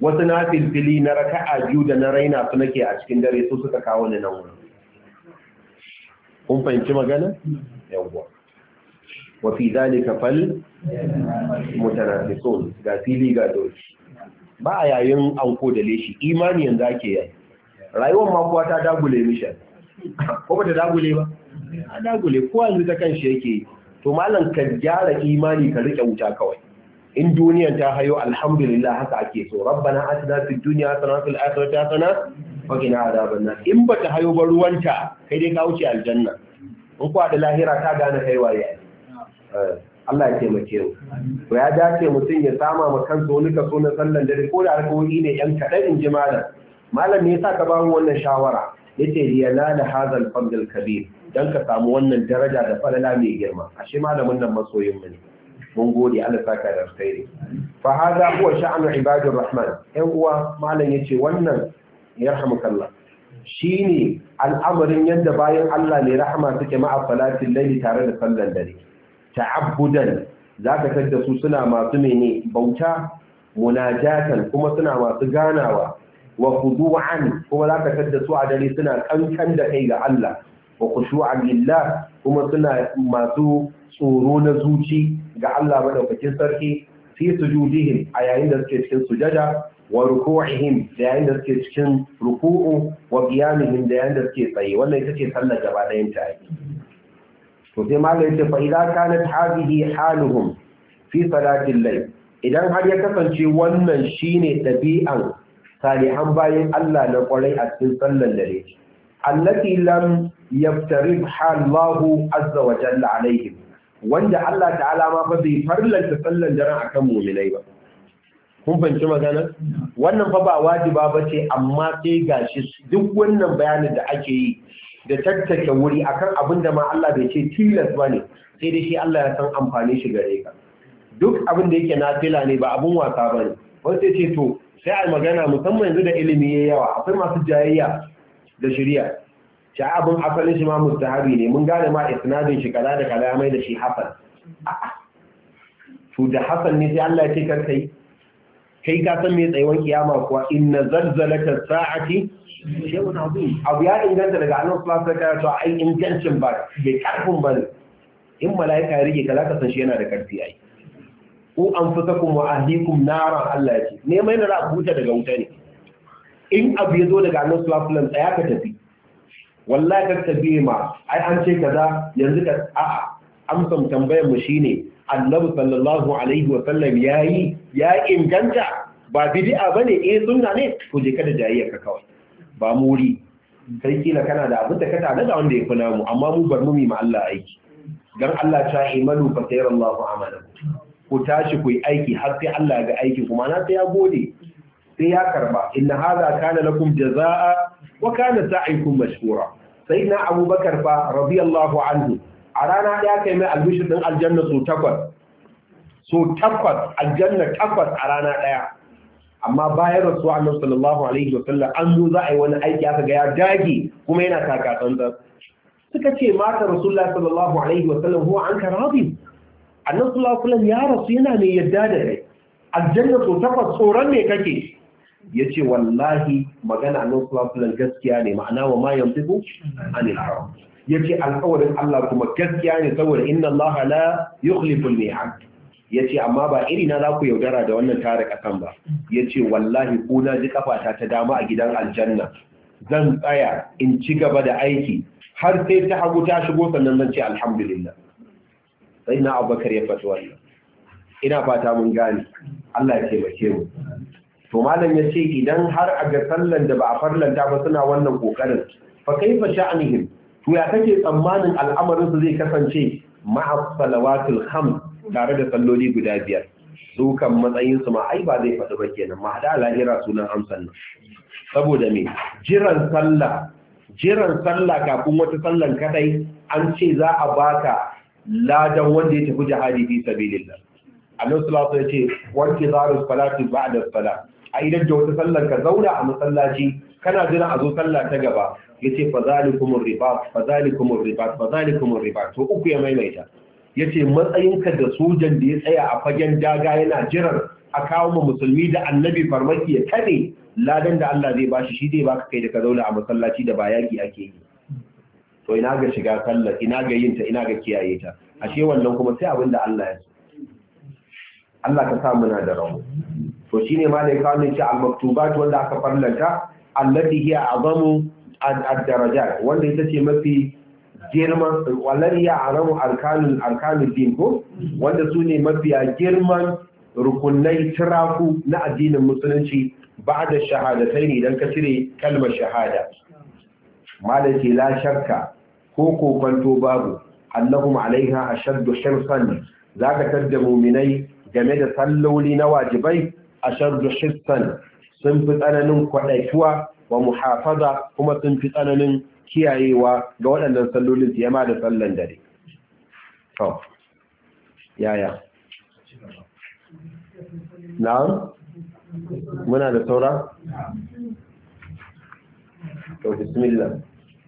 wasu na filfili na raka a biyu da na raina su nake a cikin dare su suka kawo ni nan wurin kun fahimci magana yawwa wa fi zalika fal mutanafisun ga fili ga doki ba a yayin anko da leshi imani yanzu ake yi rayuwar makuwa ta dagule mishan ko ba ta dagule ba a dagule ko yanzu ta kanshi yake to malam ka gyara imani ka rike wuta kawai in duniyan ta hayo alhamdulillah haka ake so rabbana atina fid dunya hasanatan fil akhirati hasanatan wa qina adhaban nar in bata hayo ba ruwanta kai dai ka wuce aljanna in kwa da lahira ta gane kai waye eh. Allah ya taimake mu to ya dace mutum ya sama ma kansa wani kaso na sallan dare ko da harkoki ne yan kaɗan in ji malam malam ne yasa ka ba mu wannan shawara yace na da hazal fadl kabir dan ka samu wannan daraja da falala mai girma ashe malamin nan masoyin mu ne mun gode Allah saka da alkhairi fa hada huwa ibadan ibadur rahman yan uwa malam yace wannan Shi shine al'amarin yadda bayan Allah ne rahama suke ma'a falatin laili tare da sallan dare ta'abbudan zaka tada su suna masu mene bauta munajatan kuma suna masu ganawa wa khudu'an kuma zaka tada su a dare suna kankan da kai ga Allah wa khushu'an lillah kuma suna masu tsoro na zuci ga Allah madaukakin sarki fi sujudihim a yayin da suke cikin sujada wa ruku'ihim da yayin da suke cikin ruku'u wa qiyamihim da yayin da suke tsaye wannan ita ce sallar gaba ɗayan ta to sai malai ce fa idza kanat hadhihi haluhum fi salatil layl idan har ya kasance wannan shine dabi'an salihan bayin Allah na kwarai a cikin sallar dare allati lam yaftarib halahu azza wa jalla alaihim wanda Allah ta'ala ma ba bai farlanta sallar daren akan mu'minai ba kun fahimci magana wannan fa ba wajiba bace amma sai gashi duk wannan bayanin da ake yi da tattake wuri akan abin da ma Allah bai ce tilas ba ne sai dai shi Allah ya san amfani shi gare ka duk abin da yake nafila ne ba abin wasa ba ne wanda ce to sai a magana musamman yanzu da ilimi ya yawa akwai masu jayayya da shirya shi abin asalin shi ma mustahabi ne mun gane ma isnadin shi kala da kala, ya mai da shi hasan to da hasan ne sai Allah ya ce kai kai ka san me tsayuwar kiyama kuwa inna zalzalatas sa'ati shehun abu ya inganta daga annan sulasa ta yato ai ingancin ba bai karfin ba ne in mala'ika ya rike kala kasan shi yana da karfi ai Ko an fusa kuma ahlikum nara Allah ya ce neman yana za huta daga wuta ne in abu ya zo daga annan sulasa tsaya ka tafi wallahi ka tafi ma ai an ce kaza yanzu ka a'a amsan tambayar mu shine annabi sallallahu alaihi wa sallam yayi ya inganta ba ba bane eh sunna ne ko je ka da jayyar ka kawai ba mu wuri kai kila kana da abin da ka tare da wanda ya fi namu amma mu bar mu ma Allah aiki dan Allah ta imanu fa sayar Allah amana. ku tashi ku yi aiki har sai Allah ga aiki kuma na sai ya gode sai ya karba inna hadha kana lakum jazaa wa kana sa'ikum mashkura sayyidina abubakar fa radiyallahu anhu a rana daya kai mai albishir din aljanna so takwas so takwas aljanna takwas a rana daya amma bayan rasu Allah sallallahu alaihi wasallam an zo za a yi wani aiki aka ga ya dage kuma yana taka tsantsa. suka ce mata rasulullah sallallahu alaihi wasallam huwa an karabi annabi sallallahu alaihi wasallam ya rasu yana mai yadda da kai aljanna so takwas tsoron me kake yace wallahi magana annabi sallallahu alaihi wasallam gaskiya ne ma'ana wa ma yamtiku anil haram yace alƙawarin Allah kuma gaskiya ne saboda inna Allah la yukhlifu al-mi'ad ya ce amma ba iri na za ku yaudara da wannan tare ƙasan ba ya ce wallahi kuna na ji kafata ta dama a gidan aljanna zan tsaya in ci gaba da aiki har sai ta hagu ta shigo sannan zan ce alhamdulillah sai na abubakar ya fata wannan ina fata mun gane Allah ya taimake mu to malam ya ce idan har a ga sallan da ba a farlanta ba suna wannan kokarin fa fa sha'anihim to ya kake tsammanin al'amarin su zai kasance ma'a salawatul khams tare da salloli guda biyar dukan matsayin matsayinsu ma ai ba zai faɗi ba kenan ma da lahira sunan amsan nan saboda me jiran sallah jiran kafin wata sallan kadai an ce za a baka ladan wanda ya tafi jihadi fi sabilillah annabi sallallahu alaihi wasallam ya ce wanki zaru salati ba'da salat a idan da wata sallan ka zauna a masallaci kana jira a zo sallah ta gaba yace fa zalikumur ribat fa zalikumur ribat fa zalikumur ribat to uku ya maimaita ya ce matsayinka da sojan da ya tsaya a fagen daga yana jiran a kawo ma musulmi da annabi farmaki ya kare ladan da Allah zai bashi shi zai baka kai da ka zauna a masallaci da ba yaki ake yi to ina ga shiga sallar ina ga yin ta ina ga kiyaye ta ashe wannan kuma sai abin Allah ya Allah ka sa muna da rawo to shine ma da kawo ce al-maktubat wanda aka farlanta allati hiya azamu ad-darajat wanda ita ce mafi girman walar ya aramu arkanul arkanul din ko wanda su ne mafiya girman rukunai tiraku na addinin musulunci ba da shahadatai ne don ka cire kalmar shahada malace la shakka ko kokonto babu allahum alaiha ashaddu za ka tadda mu'minai game da salloli na wajibai ashaddu hirsan sun fi tsananin kwadaituwa wa muhafaza kuma sun fi tsananin kiyayewa ga waɗannan sallolin su yama da sallan dare to yaya na'am muna da saura to bismillah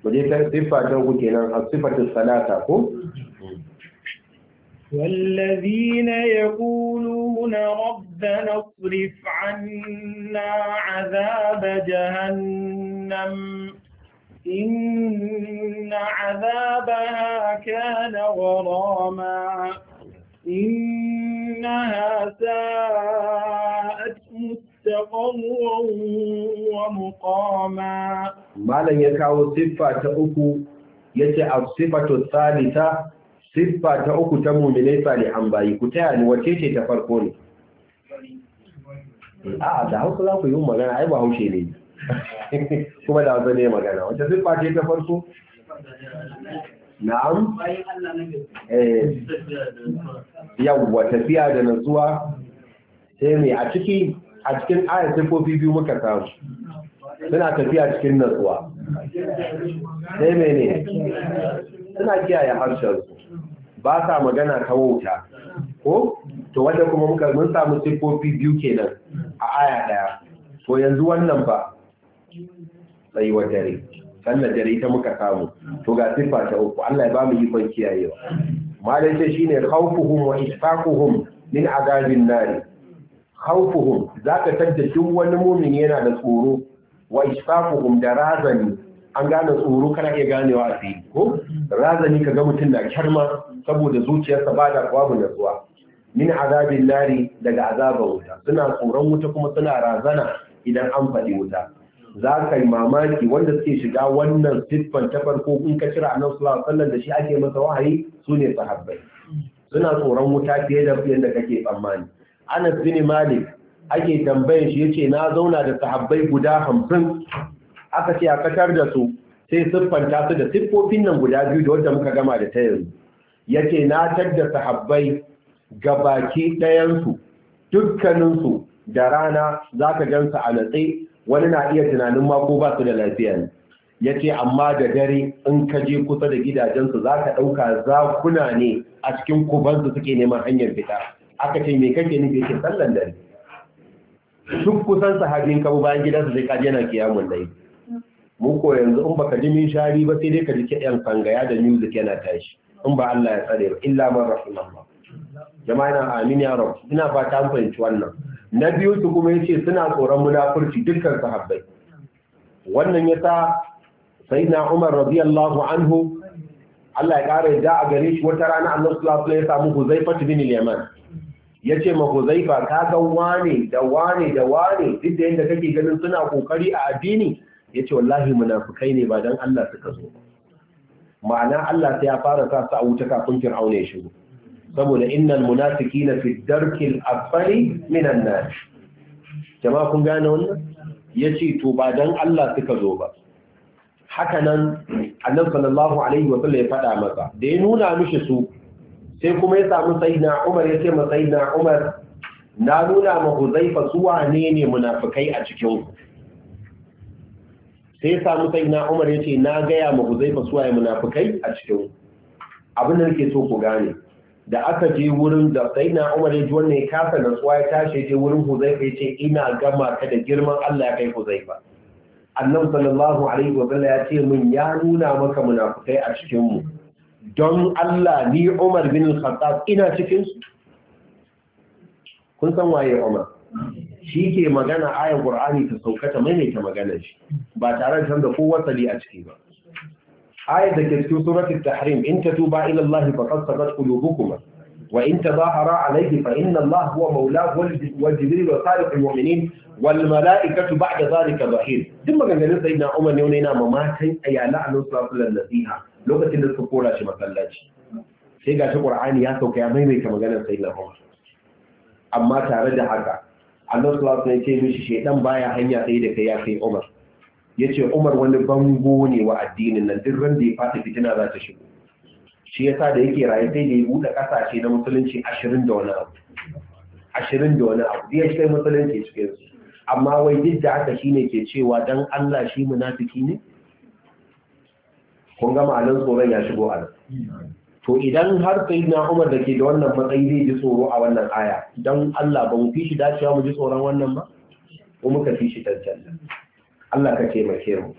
muje ta siffa ta uku kenan a siffatin salata ko والذين يقولون ربنا اصرف عنا عذاب جهنم إن عذابها كان غراما إنها ساءت مستقرا ومقاما ما لن يكاو صفة أكو يتي الصفة الثالثة صفة أكو تمو من إيسا لحنباي كتان وتيتي تفرقوني آه ده هو صلاة يوم مغانا عيبا هو شيء kuma da wanzu ne magana wacce siffa ce ta farko na'am eh. yawwa tafiya da nutsuwa sai ne a ciki a cikin ayar siffofi biyu muka samu suna tafiya cikin nutsuwa sai mai ne suna kiyaye harshen ba sa magana ta wauta ko to wanda kuma muka mun samu siffofi biyu kenan a aya daya to yanzu wannan ba tsayuwar dare sannan dare ita muka samu to ga siffa ta uku Allah ya ba mu ikon kiyayewa malai ce shine khawfuhum wa ishaquhum min azabin nar khawfuhum zaka tadda duk wani mumin yana da tsoro wa ishaquhum da razani an gane tsoro kana iya ganewa a fili ko razani kaga mutum na kyarma saboda zuciyarsa ba da babu natsuwa min azabin nari daga azabar wuta suna tsoron wuta kuma suna razana idan an faɗi wuta za ka yi mamaki wanda suke shiga wannan siffan ta farko in ka cira su sallallahu sallan da shi ake masa wahayi su ne sahabbai suna tsoron wuta fiye da fiye da kake tsammani Anas bin Malik ake tambayin shi yace na zauna da sahabbai guda hamsin aka ce a katar da su sai siffanta su da siffofin nan guda biyu da wanda muka gama da ta yanzu yace na tadda sahabbai ga baki ɗayansu dukkaninsu da rana za ka gansu a natse wani na iya tunanin ma ko ba su da lafiya ne ya ce amma da dare in ka je kusa da gidajensu za ka ɗauka zakuna ne a cikin kubansu suke neman hanyar fita aka ce me kake nufi ke sallan dare duk kusan sahabin kabu bayan gidansu sai ka je na kiyamun dai mu ko yanzu in baka ji min shari ba sai dai ka ji kiɗan sangaya da music yana tashi in ba Allah ya tsare ba illa man rahimahullah jama'a na amin ya rabu ina fata an fahimci wannan na biyu su kuma yace suna tsoron munafurci dukkan sahabbai wannan yasa sayyidina Umar radiyallahu anhu Allah ya kare da a gare shi wata rana Allah sallallahu alaihi wasallam ya samu Huzaifa bin yaman yace ma Huzaifa ka ga wane da wane da wane duk da yadda kake ganin suna kokari a addini yace wallahi munafikai ne ba dan Allah suka zo ma'ana Allah sai ya fara sa su a wuta kafin Fir'auna ya shigo saboda innal munafiqina fi darkil asfali minan nar jama'a kun gane wannan Ya ce to ba don Allah suka zo ba haka nan annabi sallallahu alaihi wa sallam ya faɗa masa da ya nuna mishi su sai kuma ya samu sayyidina Umar ya ce ma sayyidina Umar na nuna ma Huzaifa su wane ne munafikai a cikin sai ya samu sayyidina Umar ya ce na gaya ma Huzaifa su waye munafikai a cikin abin da nake so ku gane da aka je wurin da na umar ya ji wannan ya kasa natsuwa ya tashi je wurin huzaifa ya ce ina gama ka da girman Allah ya kai huzaifa annabi sallallahu alaihi wa sallam ya ce min ya nuna maka munafukai a cikin mu don Allah ni Umar bin Khattab ina cikin su kun san waye Umar shi ke magana ayan Qur'ani ta sauka ta maimaita maganar shi ba tare da canza ko wasali a ciki ba ayat da ke cikin suratul tahrim in tatuba ila Allah faqad sabat qulubukum wa in tadahara alayhi fa inna Allah huwa mawlahu wa jibril wa salihul mu'minin wal mala'ikatu ba'da zalika zahir duk maganganun sayyidina Umar ne yana mamatan ayala annabi sallallahu alaihi nasiha lokacin da suka kora shi masallaci sai gashi Qur'ani ya sauka ya maimaita maganar sayyidina amma tare da haka Allah sallallahu alaihi wasallam ya ce mishi shedan baya hanya ɗaya da kai ya kai Umar ya ce umar wani bango ne wa addinin nan duk ran da ya fata fitina za ta shigo shi ya sa da yake raye sai da ya buɗe ƙasashe na musulunci ashirin da wani abu ashirin da wani abu ya kai musulunci cikin su amma wai duk da haka shine ke cewa don Allah shi munafiki ne kun gama ma'anar tsoron ya shigo a nan to idan har sai na Umar da ke da wannan matsayi zai ji tsoro a wannan aya don Allah ba mu fi shi dacewa mu ji tsoron wannan ba ko muka fi shi tantance Allah ka taimake mu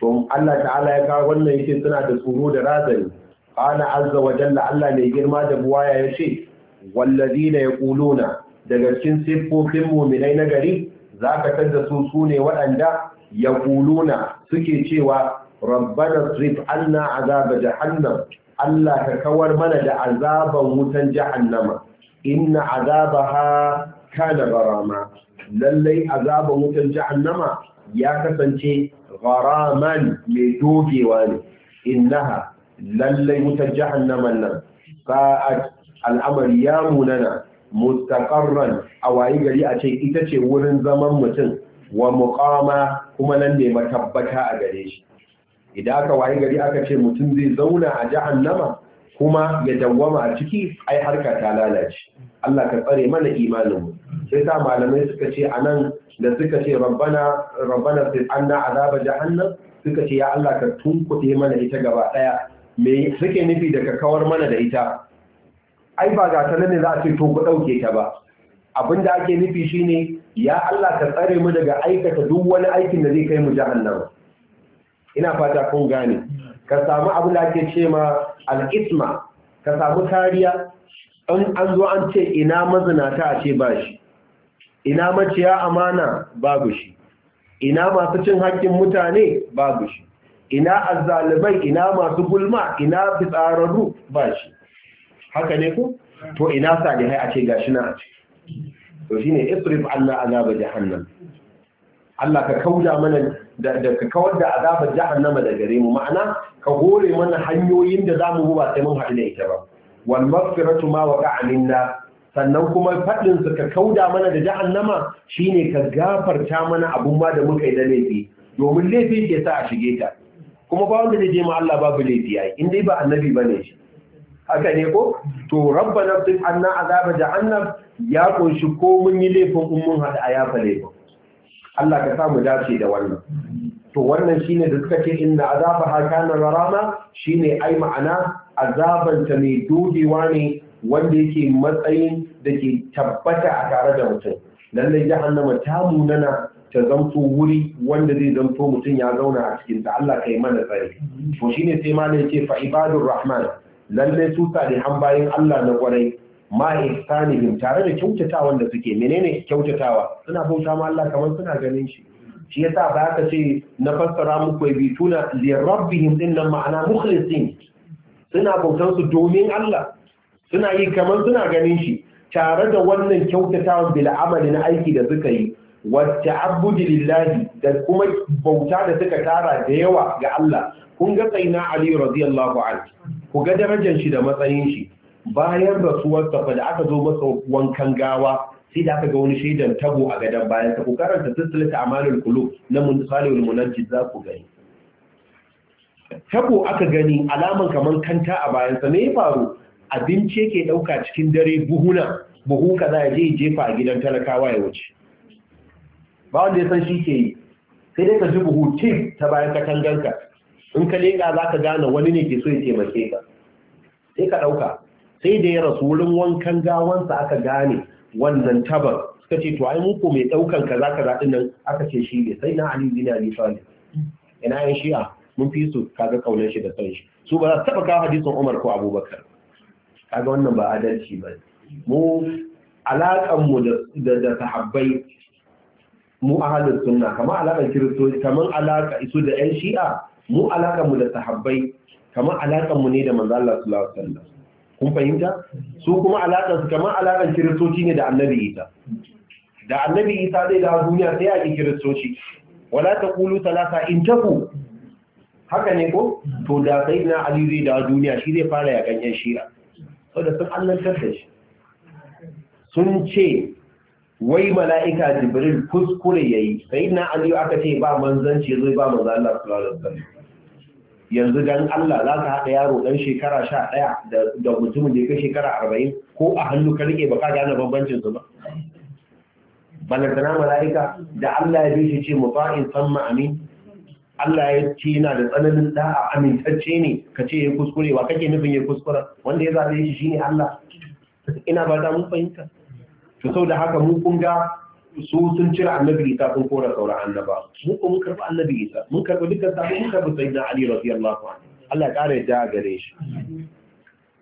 to Allah ta'ala ya kawo wannan yake suna da tsoro da razani qala azza wa jalla Allah mai girma da buwaya yace wallazina yaquluna daga cikin siffofin mu'minai na gari zaka canza su sune waɗanda Ya yaquluna suke cewa rabbana srif anna azaba jahannam Allah ka kawar mana da azaban wutan jahannama inna azabaha kana barama lallai azaban wutan jahannama ya kasance gharaman mai dogewa ne innaha lallai wutar jahannaman nan sa'ad al'amari ya munana mustaqarran a wayi gari a ce ita ce wurin zaman mutum wa muqama kuma nan ne matabbata a gare shi idan aka wayi gari aka ce mutum zai zauna a jahannama kuma ya dawwama a ciki ai harka ta lalace Allah ka tsare mana imanin mu sai sa malamai suka ce a nan da suka ce rabbana rabbana sai anna azaba jahannan suka ce ya Allah ka tunkuɗe mana ita gaba ɗaya me suke nufi da ka kawar mana da ita ai ba ga ta ne za a ce to ku ɗauke ta ba abin da ake nufi shine ya Allah ka tsare mu daga aikata duk wani aikin da zai kai mu jahannama ina fata kun gane ka samu abin da ake ce ma al'isma ka samu kariya In an zo an ce ina mazinata a ce ba shi ina maciya amana babu shi ina masu cin haƙƙin mutane babu shi ina azzalibai ina masu gulma ina fitsararru ba shi haka ne ku to ina salihai a ce gashi na a ce? to shine isrif allah azaba jahannam Allah ka kauda mana da ka kawar da azaba jahannama da gare mu ma'ana ka gore mana hanyoyin da zamu bu ba sai mun haɗu da ita ba wal maghfiratu ma waqa'a minna sannan kuma faɗin ka kauda mana da jahannama shine ka gafarta mana abun ma da muka yi na laifi domin laifi ke sa a shige ta kuma ba wanda zai je ma Allah babu laifi ai in dai ba annabi bane shi haka ne ko to rabbana tib anna azaba jahannam ya kunshi ko mun yi laifin in mun hada ayafa laifin Allah ka samu dace da wannan to wannan shine da suka ce inna azabaha kana gharama shine ai ma'ana azaban ta mai dogewa ne wanda yake matsayin da ke tabbata a tare da mutum lallai jahannama ta munana ta zamto wuri wanda zai zamto mutum ya zauna a cikin ta Allah kai mana tsare to shine sai malai ce fa ibadur rahman lallai su salihan bayan Allah na kwarai ma ihsanihim tare da kyautatawa da suke menene kyautatawa suna bauta ma Allah kamar suna ganin shi shi yasa ba ka ce na fassara muku bi tuna li rabbihim din nan ma'ana mukhlisin suna bautar su domin Allah suna yi kamar suna ganin shi tare da wannan kyautatawan bil na aiki da suka yi wacce abudi lillahi da kuma bauta da suka tara da yawa ga Allah kun ga tsaina Ali radiyallahu anhu ku ga darajar shi da matsayin shi bayan rasuwar sa da aka zo masa wankan gawa sai da aka ga wani shaidan tabo a gadan bayan sa ku karanta silsilatu amalul qulub na munsalihul munajjid za ku gani tabo aka gani alaman kaman kanta a bayan sa me ya faru abinci yake ɗauka cikin dare buhuna buhu kaza ya je jefa a gidan talakawa ya wuce ba wanda ya san shi ke yi sai dai ka ji buhu ce ta bayan katanganka in ka lega za ka gane wani ne ke so ya taimake ka sai ka ɗauka sai da ya rasu wurin wankan gawansa aka gane wannan tabar suka ce to ai mu ko mai daukan kaza kaza din nan aka ce shi ne sai na Ali bin Ali Talib ina yan shi'a mun fi su kaga kaunar shi da san shi su ba za su taba kawo hadisin Umar ko Abubakar kaga wannan ba adalci ba mu alaƙanmu da sahabbai mu ahalin sunna kamar alaƙar kiristoci kamar alaƙa isu da 'yan shi'a mu alaƙanmu da sahabbai kamar alaƙanmu ne da manzo Allah sallallahu alaihi wasallam kun fahimta su kuma alaƙar su kamar alaƙar kiristoci ne da annabi Isa da annabi Isa zai da duniya sai a kiristoci wala ta Kulu talata in ku, haka ne ko to da na Ali zai da duniya shi zai fara yakan yan shi'a saboda sun allantar da shi sun ce wai mala'ika jibril kuskure yayi sai na aliyu aka ce ba manzanci zai ba manzo Allah sallallahu alaihi wasallam yanzu dan Allah za ka haɗa yaro dan shekara ɗaya da mutumin da yake shekara arba'in? ko a hannu ka rike ka gane bambancin su ba balantana mala'ika da Allah ya bi shi ce san samma amin Allah ya ce yana da tsananin da'a amintacce ne ka ce ya kuskure wa kake nufin ya kuskura wanda ya zaɓe shi shine Allah ina ba da mun fahimta to sau da haka mun kun ga su sun cire annabi isa sun kora saura annaba mun kuma karɓi annabi isa mun karɓi dukkan sabon mun karɓi sayyidina ali radiyallahu anhu Allah ya ƙara yadda a gare shi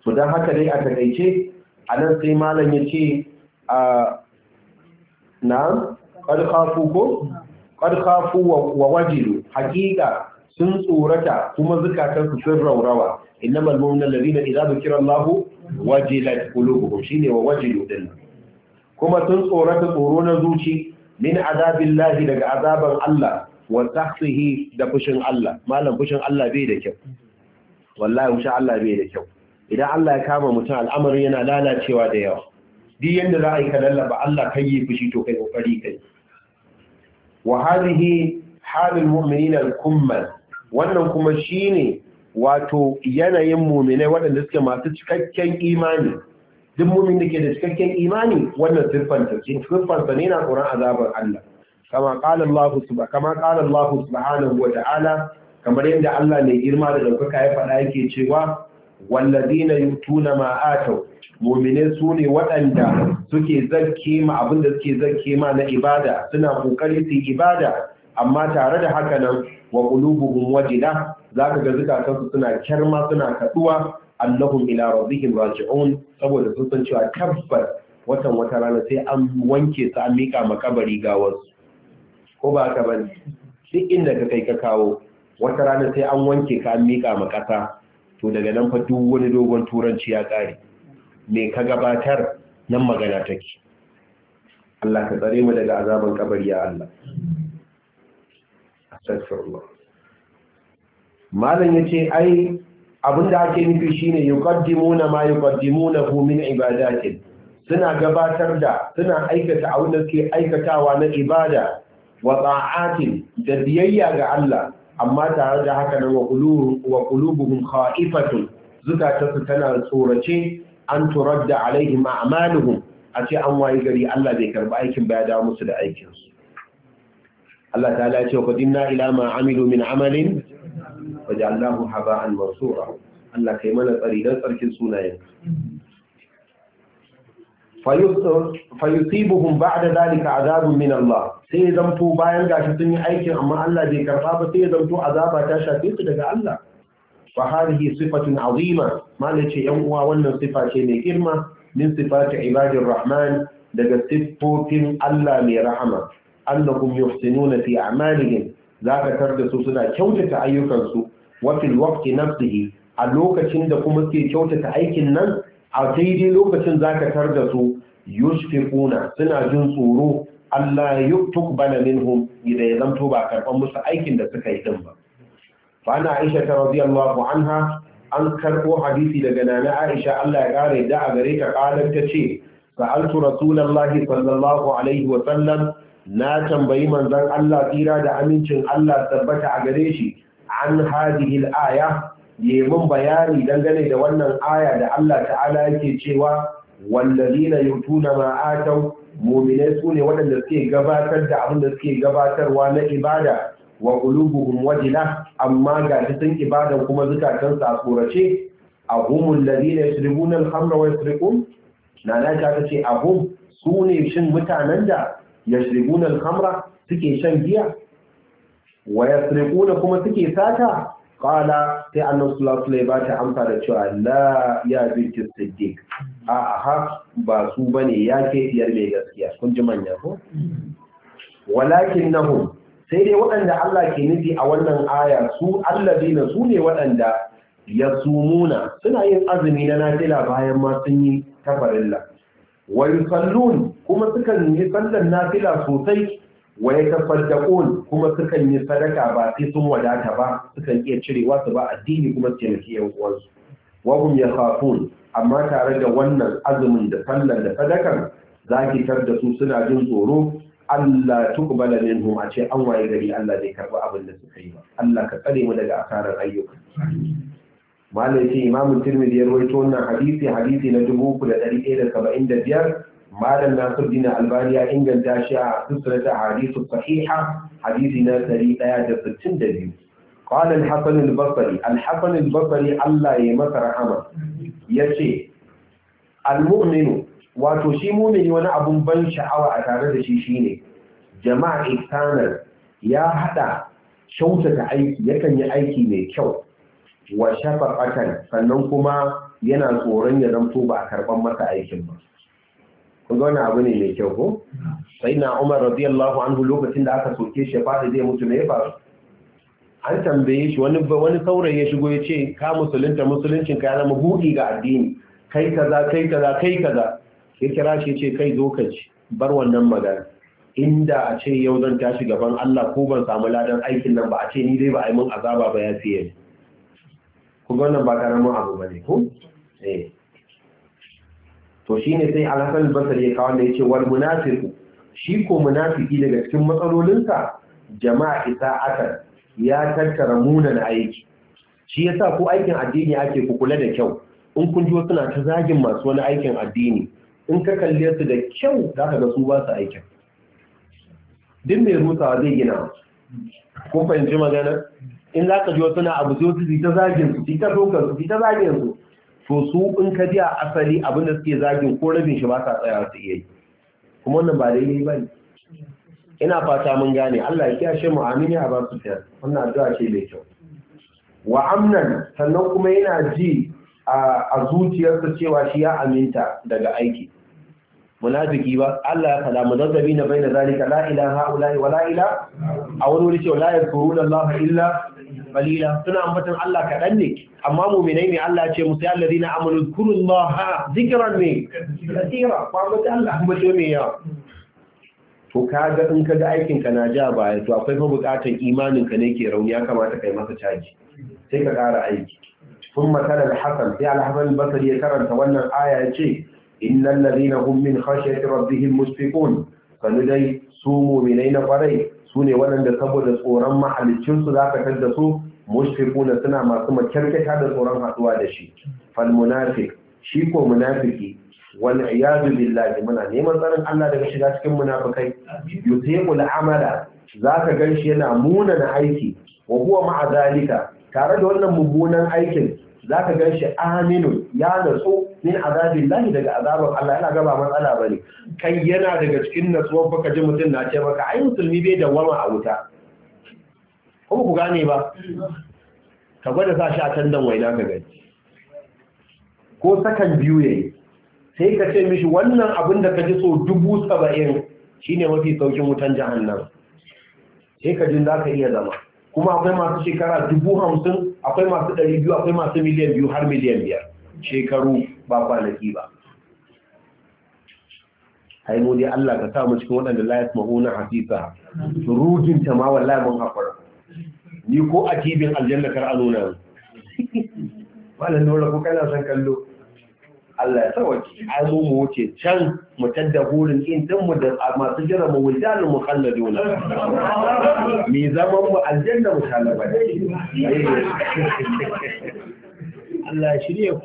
to dan haka dai a takaice a nan sai malam ya ce a ah, na ƙarƙafu ko qad khafu wa wajilu haqiqa sun tsorata kuma zukatansu sun raurawa inna innamal mu'minuna alladhina idza dhukira Allahu wajilat qulubuhum shine wa wajilu din kuma sun tsorata tsoro na zuci min lahi daga azaban Allah wa tahsihi da fushin Allah malam fushin Allah bai da kyau wallahi fushin Allah bai da kyau idan Allah ya kama mutum al'amarin yana lalacewa da yawa duk yadda za a yi ka lallaba Allah kan yi fushi to kai kokari kai wa hadhihi halul mu'minina wannan kuma shine wato yanayin mu'minai waɗanda suke masu cikakken imani duk mu'min da ke da cikakken imani wannan sifanta ce ne na tsoron azabar Allah kama qala Allah subhanahu kama qala Allah subhanahu wa ta'ala kamar yadda Allah mai girma da ɗaukaka ya faɗa yake cewa walladina yutuna ma atau mu'minai su ne waɗanda suke zakke ma abin suke zakke ma na ibada suna kokari su ibada amma tare da haka nan wa qulubuhum wajila zaka ga su suna kyarma suna kaɗuwa. annahum ila rabbihim raji'un saboda sun san cewa tabbas watan wata rana sai an wanke su an mika makabari wasu, ko ba ka bane duk inda ka kai ka kawo wata rana sai an wanke ka an mika makasa to daga nan fa duk wani dogon turanci ya ƙare. me ka gabatar nan magana take Allah ka tsare mu daga azaban kabari ya Allah astaghfirullah malam yace ai abinda ake nufi shine yuqaddimuna ma yuqaddimunahu min ibadatin suna gabatar da suna aikata abin da suke aikatawa na ibada wa ta'atin da biyayya ga Allah amma tare da haka nan wa qulubuhum kha'ifatun ta su tana tsorace an turadda alaihim a'maluhum a ce an waye gari Allah bai karba aikin ba ya dawo musu da aikin su Allah ta'ala ya ce wa qadinna ila ma amilu min amalin waja'alnahu haba'an mansura Allah kai mana tsari dan tsarkin sunayen fayusibuhum ba'da zalika azabun min Allah sai zanto bayan gashi sun yi aikin amma Allah bai karba ba sai zanto azaba ta shafe su daga Allah fa hadhihi sifatun azima malai yan uwa wannan sifa ce mai girma min sifati ibadir rahman daga siffofin Allah mai rahama annakum yuhsinuna fi a'malihim zaka tarda su suna kyautata ayyukansu wa fil waqti nafsihi a lokacin da kuma suke kyautata aikin nan a daidai lokacin zaka tarda su yushfiquna suna jin tsoro Allah ya tukbala minhum idan ya zanto ba karban musu aikin da suka yi din ba فأنا Aisha ta الله عنها an karɓo hadisi daga nana Aisha Allah ya ƙare da a gare ta ƙalar ta ce, Sa'altu Rasulallahi sallallahu Alaihi sallam. na tambayi manzan Allah tsira da amincin Allah tabbata a gare shi an hadihil aya, yemin bayani dangane da wannan aya da Allah ta'ala yake cewa wallazina yutuna ma atau mu'minai su ne waɗanda suke gabatar da abin da suke gabatarwa na ibada wa qulubuhum wajila amma ga sun ibadan kuma zukatansu a tsorace a humul ladina yasribuna al-khamra wa yasriqun nana ta ce a su ne shin mutanen da yasribuna al-khamra suke shan giya wa yasriquna kuma suke sata qala sai annabi sallallahu alaihi amsa da cewa la ya binti siddiq a aha ba su bane yake diyar mai gaskiya kun ji manya ko mm. walakinnahum sai dai waɗanda Allah ke nufi a wannan aya su allazina su ne waɗanda ya sumuna suna yin azumi na nafila bayan ma sun yi tafarilla wa yusallun kuma sukan yi sallan nafila sosai wa yatafaddaqun kuma sukan yi sadaka ba sai sun wadata ba sukan iya cirewa su ba addini kuma su yi yan uwansu wa hum yakhafun amma tare da wannan azumin da sallan da sadakan zaki tar da su suna jin tsoro Allah tuqbala minhum a ce an waye gari Allah zai karba abin da suka yi ba Allah ka tsare mu daga asarar ayyuka malai ce imam tirmidhi ya rawaito wannan hadisi hadisi na 3175 malam dina albani ya inganta shi a sisrat hadisi sahiha hadisi na 162 قال الحسن البصري الحسن البصري الله يمسر رحمه al mu'minu. wato shi mumini wani abun ban sha'awa a tare da shi shine jama'a ihsanan ya hada ta aiki yakan yi aiki mai kyau wa shafaqatan sannan kuma yana tsoron ya zanto ba a karban masa aikin ba kun ga wannan abu ne mai kyau ko sai na Umar radiyallahu anhu lokacin da aka soke shi fata zai mutu ne ba an tambaye shi wani wani saurayi ya shigo ya ce ka musulunta musuluncin ka ya zama buɗi ga addini kai kaza kai kaza kai kaza ya kira shi ce kai zo ka ci bar wannan magana inda a ce yau zan tashi gaban Allah ko ban samu ladan aikin nan ba a ce ni dai ba a yi min azaba ba ya fiye ni ku ga wannan ba karamin abu ba ko eh. to shine sai al basar ya kawo da yace wal munafiqu shi ko munafiki daga cikin matsalolinsa jama'a isa'atan ya tattara munan aiki shi yasa ko aikin addini ake ku kula da kyau in kun ji na ta zagin masu wani aikin addini in ka kalle su da kyau za ka ga su ba su aikin duk mai rusawa zai gina ko fahimci magana in za ka ji wasu na abu sai wasu ta zagin su ta dokar su ta zagin su to su in ka ji a asali abin da suke zagin ko rabin shi ba sa tsaya su iya yi kuma wannan ba daidai ba ne ina fata mun gane Allah ya kiyashe mu amini a ba su fiye wannan addu'a ce mai kyau wa amnan sannan kuma yana ji a zuciyarsa cewa shi ya aminta daga aiki munafiki ba Allah ya fada muzabbi na da zalika la ilaha illa wa la a wani wuri cewa la yakuruna Allah illa qalila suna ambatan Allah kadan ne amma mu'minai ne Allah ya ce musu alladhina amanu zkurullaha zikran ne kathira ba mu Allah kuma to me ya to kaga in kaga aikin ka na ja baya to akwai fa imanin ka ne ke rauni ya kamata kai masa caji sai ka ƙara aiki ثم تلا الحسن في الحسن البصري يكرن تولى الآية شيء إن الذين هم من خشية ربهم مشفقون فلدي سوموا من أين قري سوني ولن تبود سوران محل الشمس ذاك كدسو مشفقون سنة ما ثم كركت هذا سوران هتوا دشي فالمنافق شيكو منافقي والعياذ بالله من أن يمن ظن الله daga shiga cikin munafikai yusiqul amala zaka ganshi yana munana aiki wa huwa ma'a zalika tare da wannan mummunan aikin za ka gan shi aminu ya natsu min azabin lahi daga azabin Allah yana gaba matsala ba ne kai yana daga cikin natsuwar baka ji mutum na ce maka ai musulmi bai dawama a wuta kuma ku gane ba ka gwada sa shi a can dan waina ka gani ko sakan biyu yayi sai ka ce mishi wannan abin da ka ji so dubu saba'in shine mafi saukin wutan jahannan sai ka jin za ka iya zama kuma akwai masu shekara dubu hamsin akwai masu ɗari biyu akwai masu miliyan biyu har miliyan biyar shekaru ba kwanaki ba haimo Allah ka sa mu cikin waɗanda layas mauna hafisa surujin ta ma wallahi mun ni ko a kibin aljanna kar a nuna ba. nora ko kana san kallo Allah ya sauki ai mu mu wuce can mu tadda burin din din mu da masu jira mu wildanul mukhalladuna mi zaman mu aljanna mu talaba Allah ya shirye ku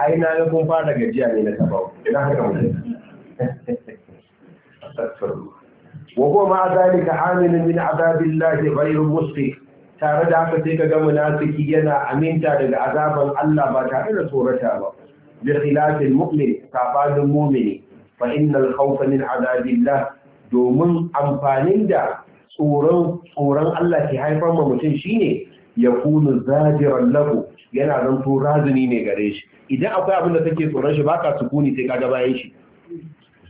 ai na ga kun fara gajiya ne na tabawo ina haka mu wa huwa ma zalika amilun min azabillahi ghayru musqi tare da haka sai ka ga munafiki yana aminta daga azaban Allah ba tare da tsorata ba bi khilafil mu'min sabanin mu'mini fa innal khawfa min azabillah domin amfanin da tsoron Allah ke haifar ma mutum shine ya kunu zajiran lahu yana zanto razini ne gare shi idan akwai abin da take tsoron shi baka sukuni sai kaga bayan shi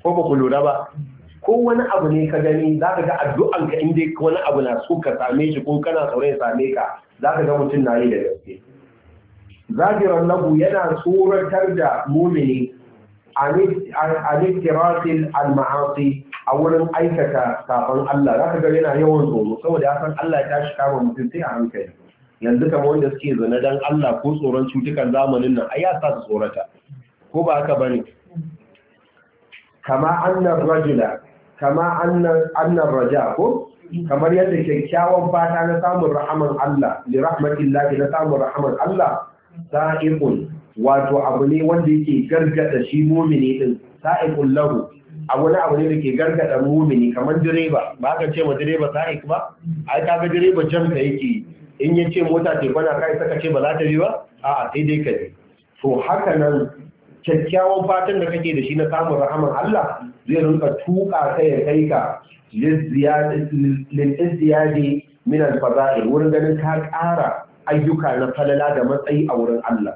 ko ba ku lura ba ko wani abu ne ka gani za ka ga addu'an ka inda wani abu na so ka same shi ko kana tsoron ya same ka za ka ga mutum na yi da gaske zabiran lahu yana tsoratar da mumini a nittirasil al-ma'asi a wurin aikata safan Allah za ka ga yana yawan tsoro saboda ya san Allah ta shi kama mutum sai a hankali yanzu kama wanda suke zana dan Allah ko tsoron cutukan zamanin nan ai ya sa su tsorata ko ba haka ne? kama annar rajula kama annar raja ko kamar yadda kyakkyawan fata na samun rahaman Allah li rahmatillahi na samun rahaman Allah Sa'ikun, wato abu ne wanda yake gargada shi mumini din Sa'ikun lahu a wani abu ne da ke gargada mumini kamar direba ba ka ce ma direba sa’ik ba ai kaga direba can ka yake in ya ce mota ce bana isa ka ce ba za ta bi ba a'a sai dai ka ji. to haka nan kyakkyawan fatan da kake da shi na samun rahaman Allah zai rinka tuka ka ya kai ka lil ziyadi min al wurin ganin ka ƙara ayyuka na falala da matsayi a wurin Allah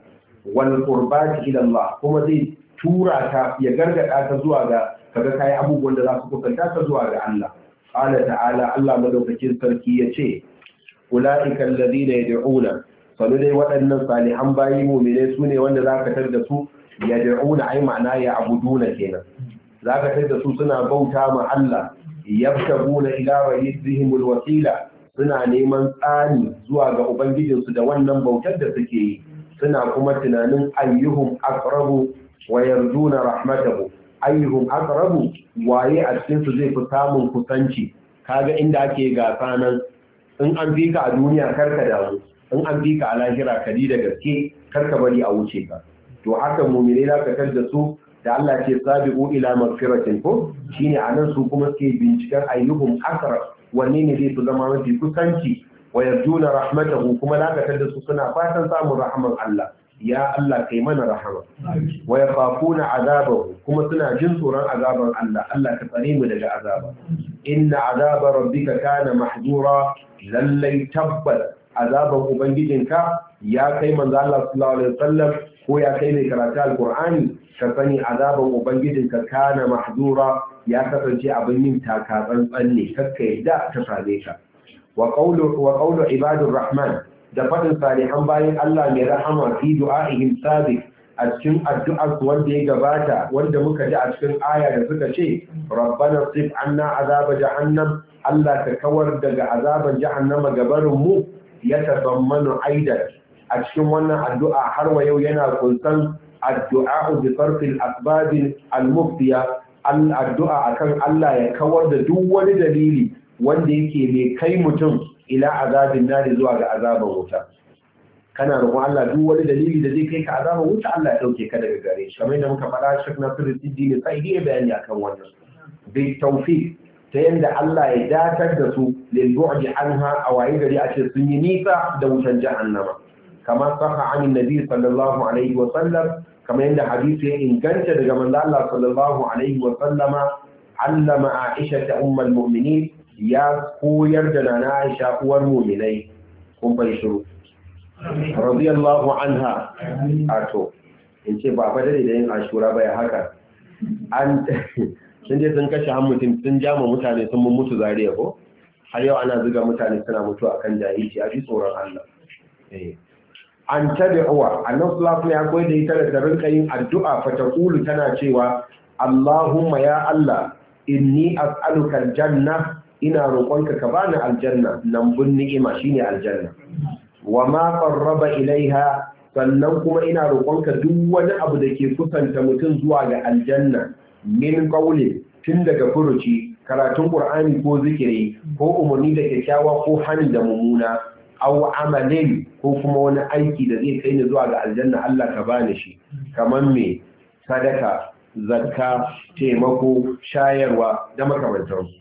wal qurbati ila Allah kuma zai tura ta ya gargada ta zuwa ga kaga kai abubuwan da za su kusanta ta zuwa ga Allah qala ta'ala Allah madaukakin sarki yace ulaika alladhina yad'una sanu dai waɗannan salihan bayi mu'mine su ne wanda zaka tar da su yad'una ai ma'ana ya abuduna kenan zaka tar da su suna bauta ma Allah yabtaguna ila rabbihim alwasila suna neman tsani zuwa ga ubangijinsu da wannan bautar da suke yi suna kuma tunanin ayyuhun aqrabu wa na rahmatahu Ayyuhun aqrabu waye a cikinsu zai fi samun kusanci kaga inda ake gasa nan in an fi ka a duniya karka damu in an fi ka a lahira kadi da gaske karka bari a wuce ka to haka mumine za ka kar da su da Allah ce sabi'u ila magfiratin ko shine nan su kuma suke bincikar ayyuhun aqrab wanne ne zai fi zama mafi kusanci wa juna rahmatahu kuma lakatar da su suna fatan samun rahaman Allah ya Allah kai mana rahama wa yakhafuna azabahu kuma suna jin tsoron azaban Allah Allah ka tsare mu daga azaba inna azaba rabbika kana mahzura lallai tabbat! azaban ubangijinka ya kai manzo Allah sallallahu alaihi wasallam ko ya kai mai karatu alqur'ani shafani azaban ubangijinka kana Mahdura ya kasance abin yin takatsan tsalle ne kakka yadda ta same ka wa qawlu wa qawlu ibadur rahman da fadin salihan bayan Allah mai rahama fi du'a'ihim sabiq a cikin addu'ar wanda ya gabata wanda muka ji a cikin aya da suka ce rabbana sif anna azaba jahannam Allah ka kawar daga azaban jahannama gabarin mu ya tabammanu aidan a cikin wannan addu'a har wa yau yana kunsan addu'a bi farfin asbabil al-muftiya addu'a akan Allah ya kawar da duk wani dalili wanda yake mai kai mutum ila azabin nari zuwa ga azaban wuta kana roƙon Allah duk wani dalili da zai kai ka azaban wuta Allah ya ɗauke ka daga gare shi kamar yadda muka faɗa na Nasiruddin ne sai iya bayani akan wannan bi tawfiq ta yadda Allah ya datar da su lil bu'di anha a waye gari a ce sun yi nisa da wutan jahannama kamar saka anin nabi sallallahu alaihi wa sallam kamar yadda hadisi ya inganta daga manzo Allah sallallahu alaihi wa sallama allama Aisha ta ummul mu'minin ya koyar da nana Aisha uwar mu'minai kun bai shiru radiyallahu anha ato in ce ba fadare da yin ashura ba ya haka an sun je sun kashe han mutum sun ma mutane sun mutu zariya ko har yau ana zuga mutane suna mutu akan jahilci a ji tsoron Allah eh an uwa annabi sulafu ya wasallam da ita da ta rinka yin addu'a Fata ƙulu tana cewa Allahumma ya Allah inni as'aluka aljanna ina roƙonka ka bani aljanna nan bun ni'ima shine aljanna wa ma qarraba ilaiha sannan kuma ina roƙonka duk wani abu da ke kusanta mutum zuwa ga aljanna min qawli tun daga furuci karatun qur'ani ko zikiri ko umarni da kyakkyawa ko hani da mumuna aw amalin ko kuma wani aiki da zai kai ni zuwa ga aljanna Allah ka bani shi kaman me sadaka zakka taimako shayarwa da makamantansu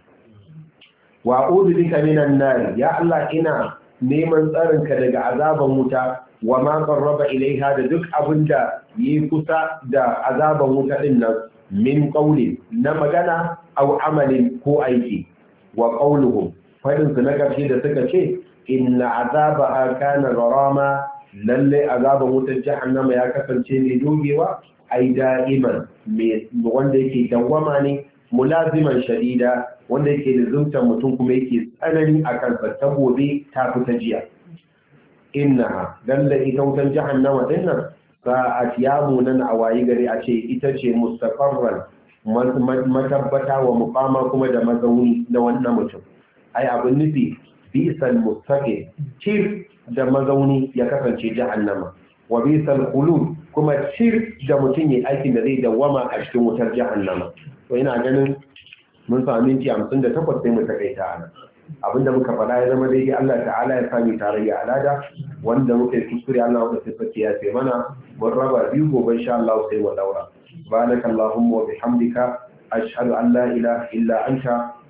wa a'udhu bika minan nar ya Allah ina neman tsarin ka daga azaban wuta wa ma qarraba ilaiha da duk abinda yi kusa da azaban wuta din nan min qawlin na magana aw amalin ko aiki wa qawluhum fadin su na karshe da suka ce inna azabaha kana gharama lalle wutan wutar jahannama ya kasance mai dogewa ai da'iman wanda yake dawwama ne mulaziman shadida wanda yake lizumtar mutum kuma yake tsanani a kan ta gobe ta fita jiya inna lalle ita wutar jahannama dinnan a ya nan a wayi gari a ce ita ce mustaqarran matabbata wa mukama kuma da mazauni na wannan mutum ai abin nufi bisal mustaqim cir da mazauni ya kasance jahannama wa bisal Kulu, kuma cir da mutum ya aikin da zai dawama a cikin wutar jahannama to ina ganin mun samu minti takwas sai mu takaita ana abinda muka faɗa ya zama daidai Allah ta'ala ya sami tarayya alada wanda muka yi kuskure Allah wanda sai ya ce mana mun raba biyu gobe insha Allah sai mu daura subhanakallahumma wa bihamdika ashhadu an la ilaha illa anta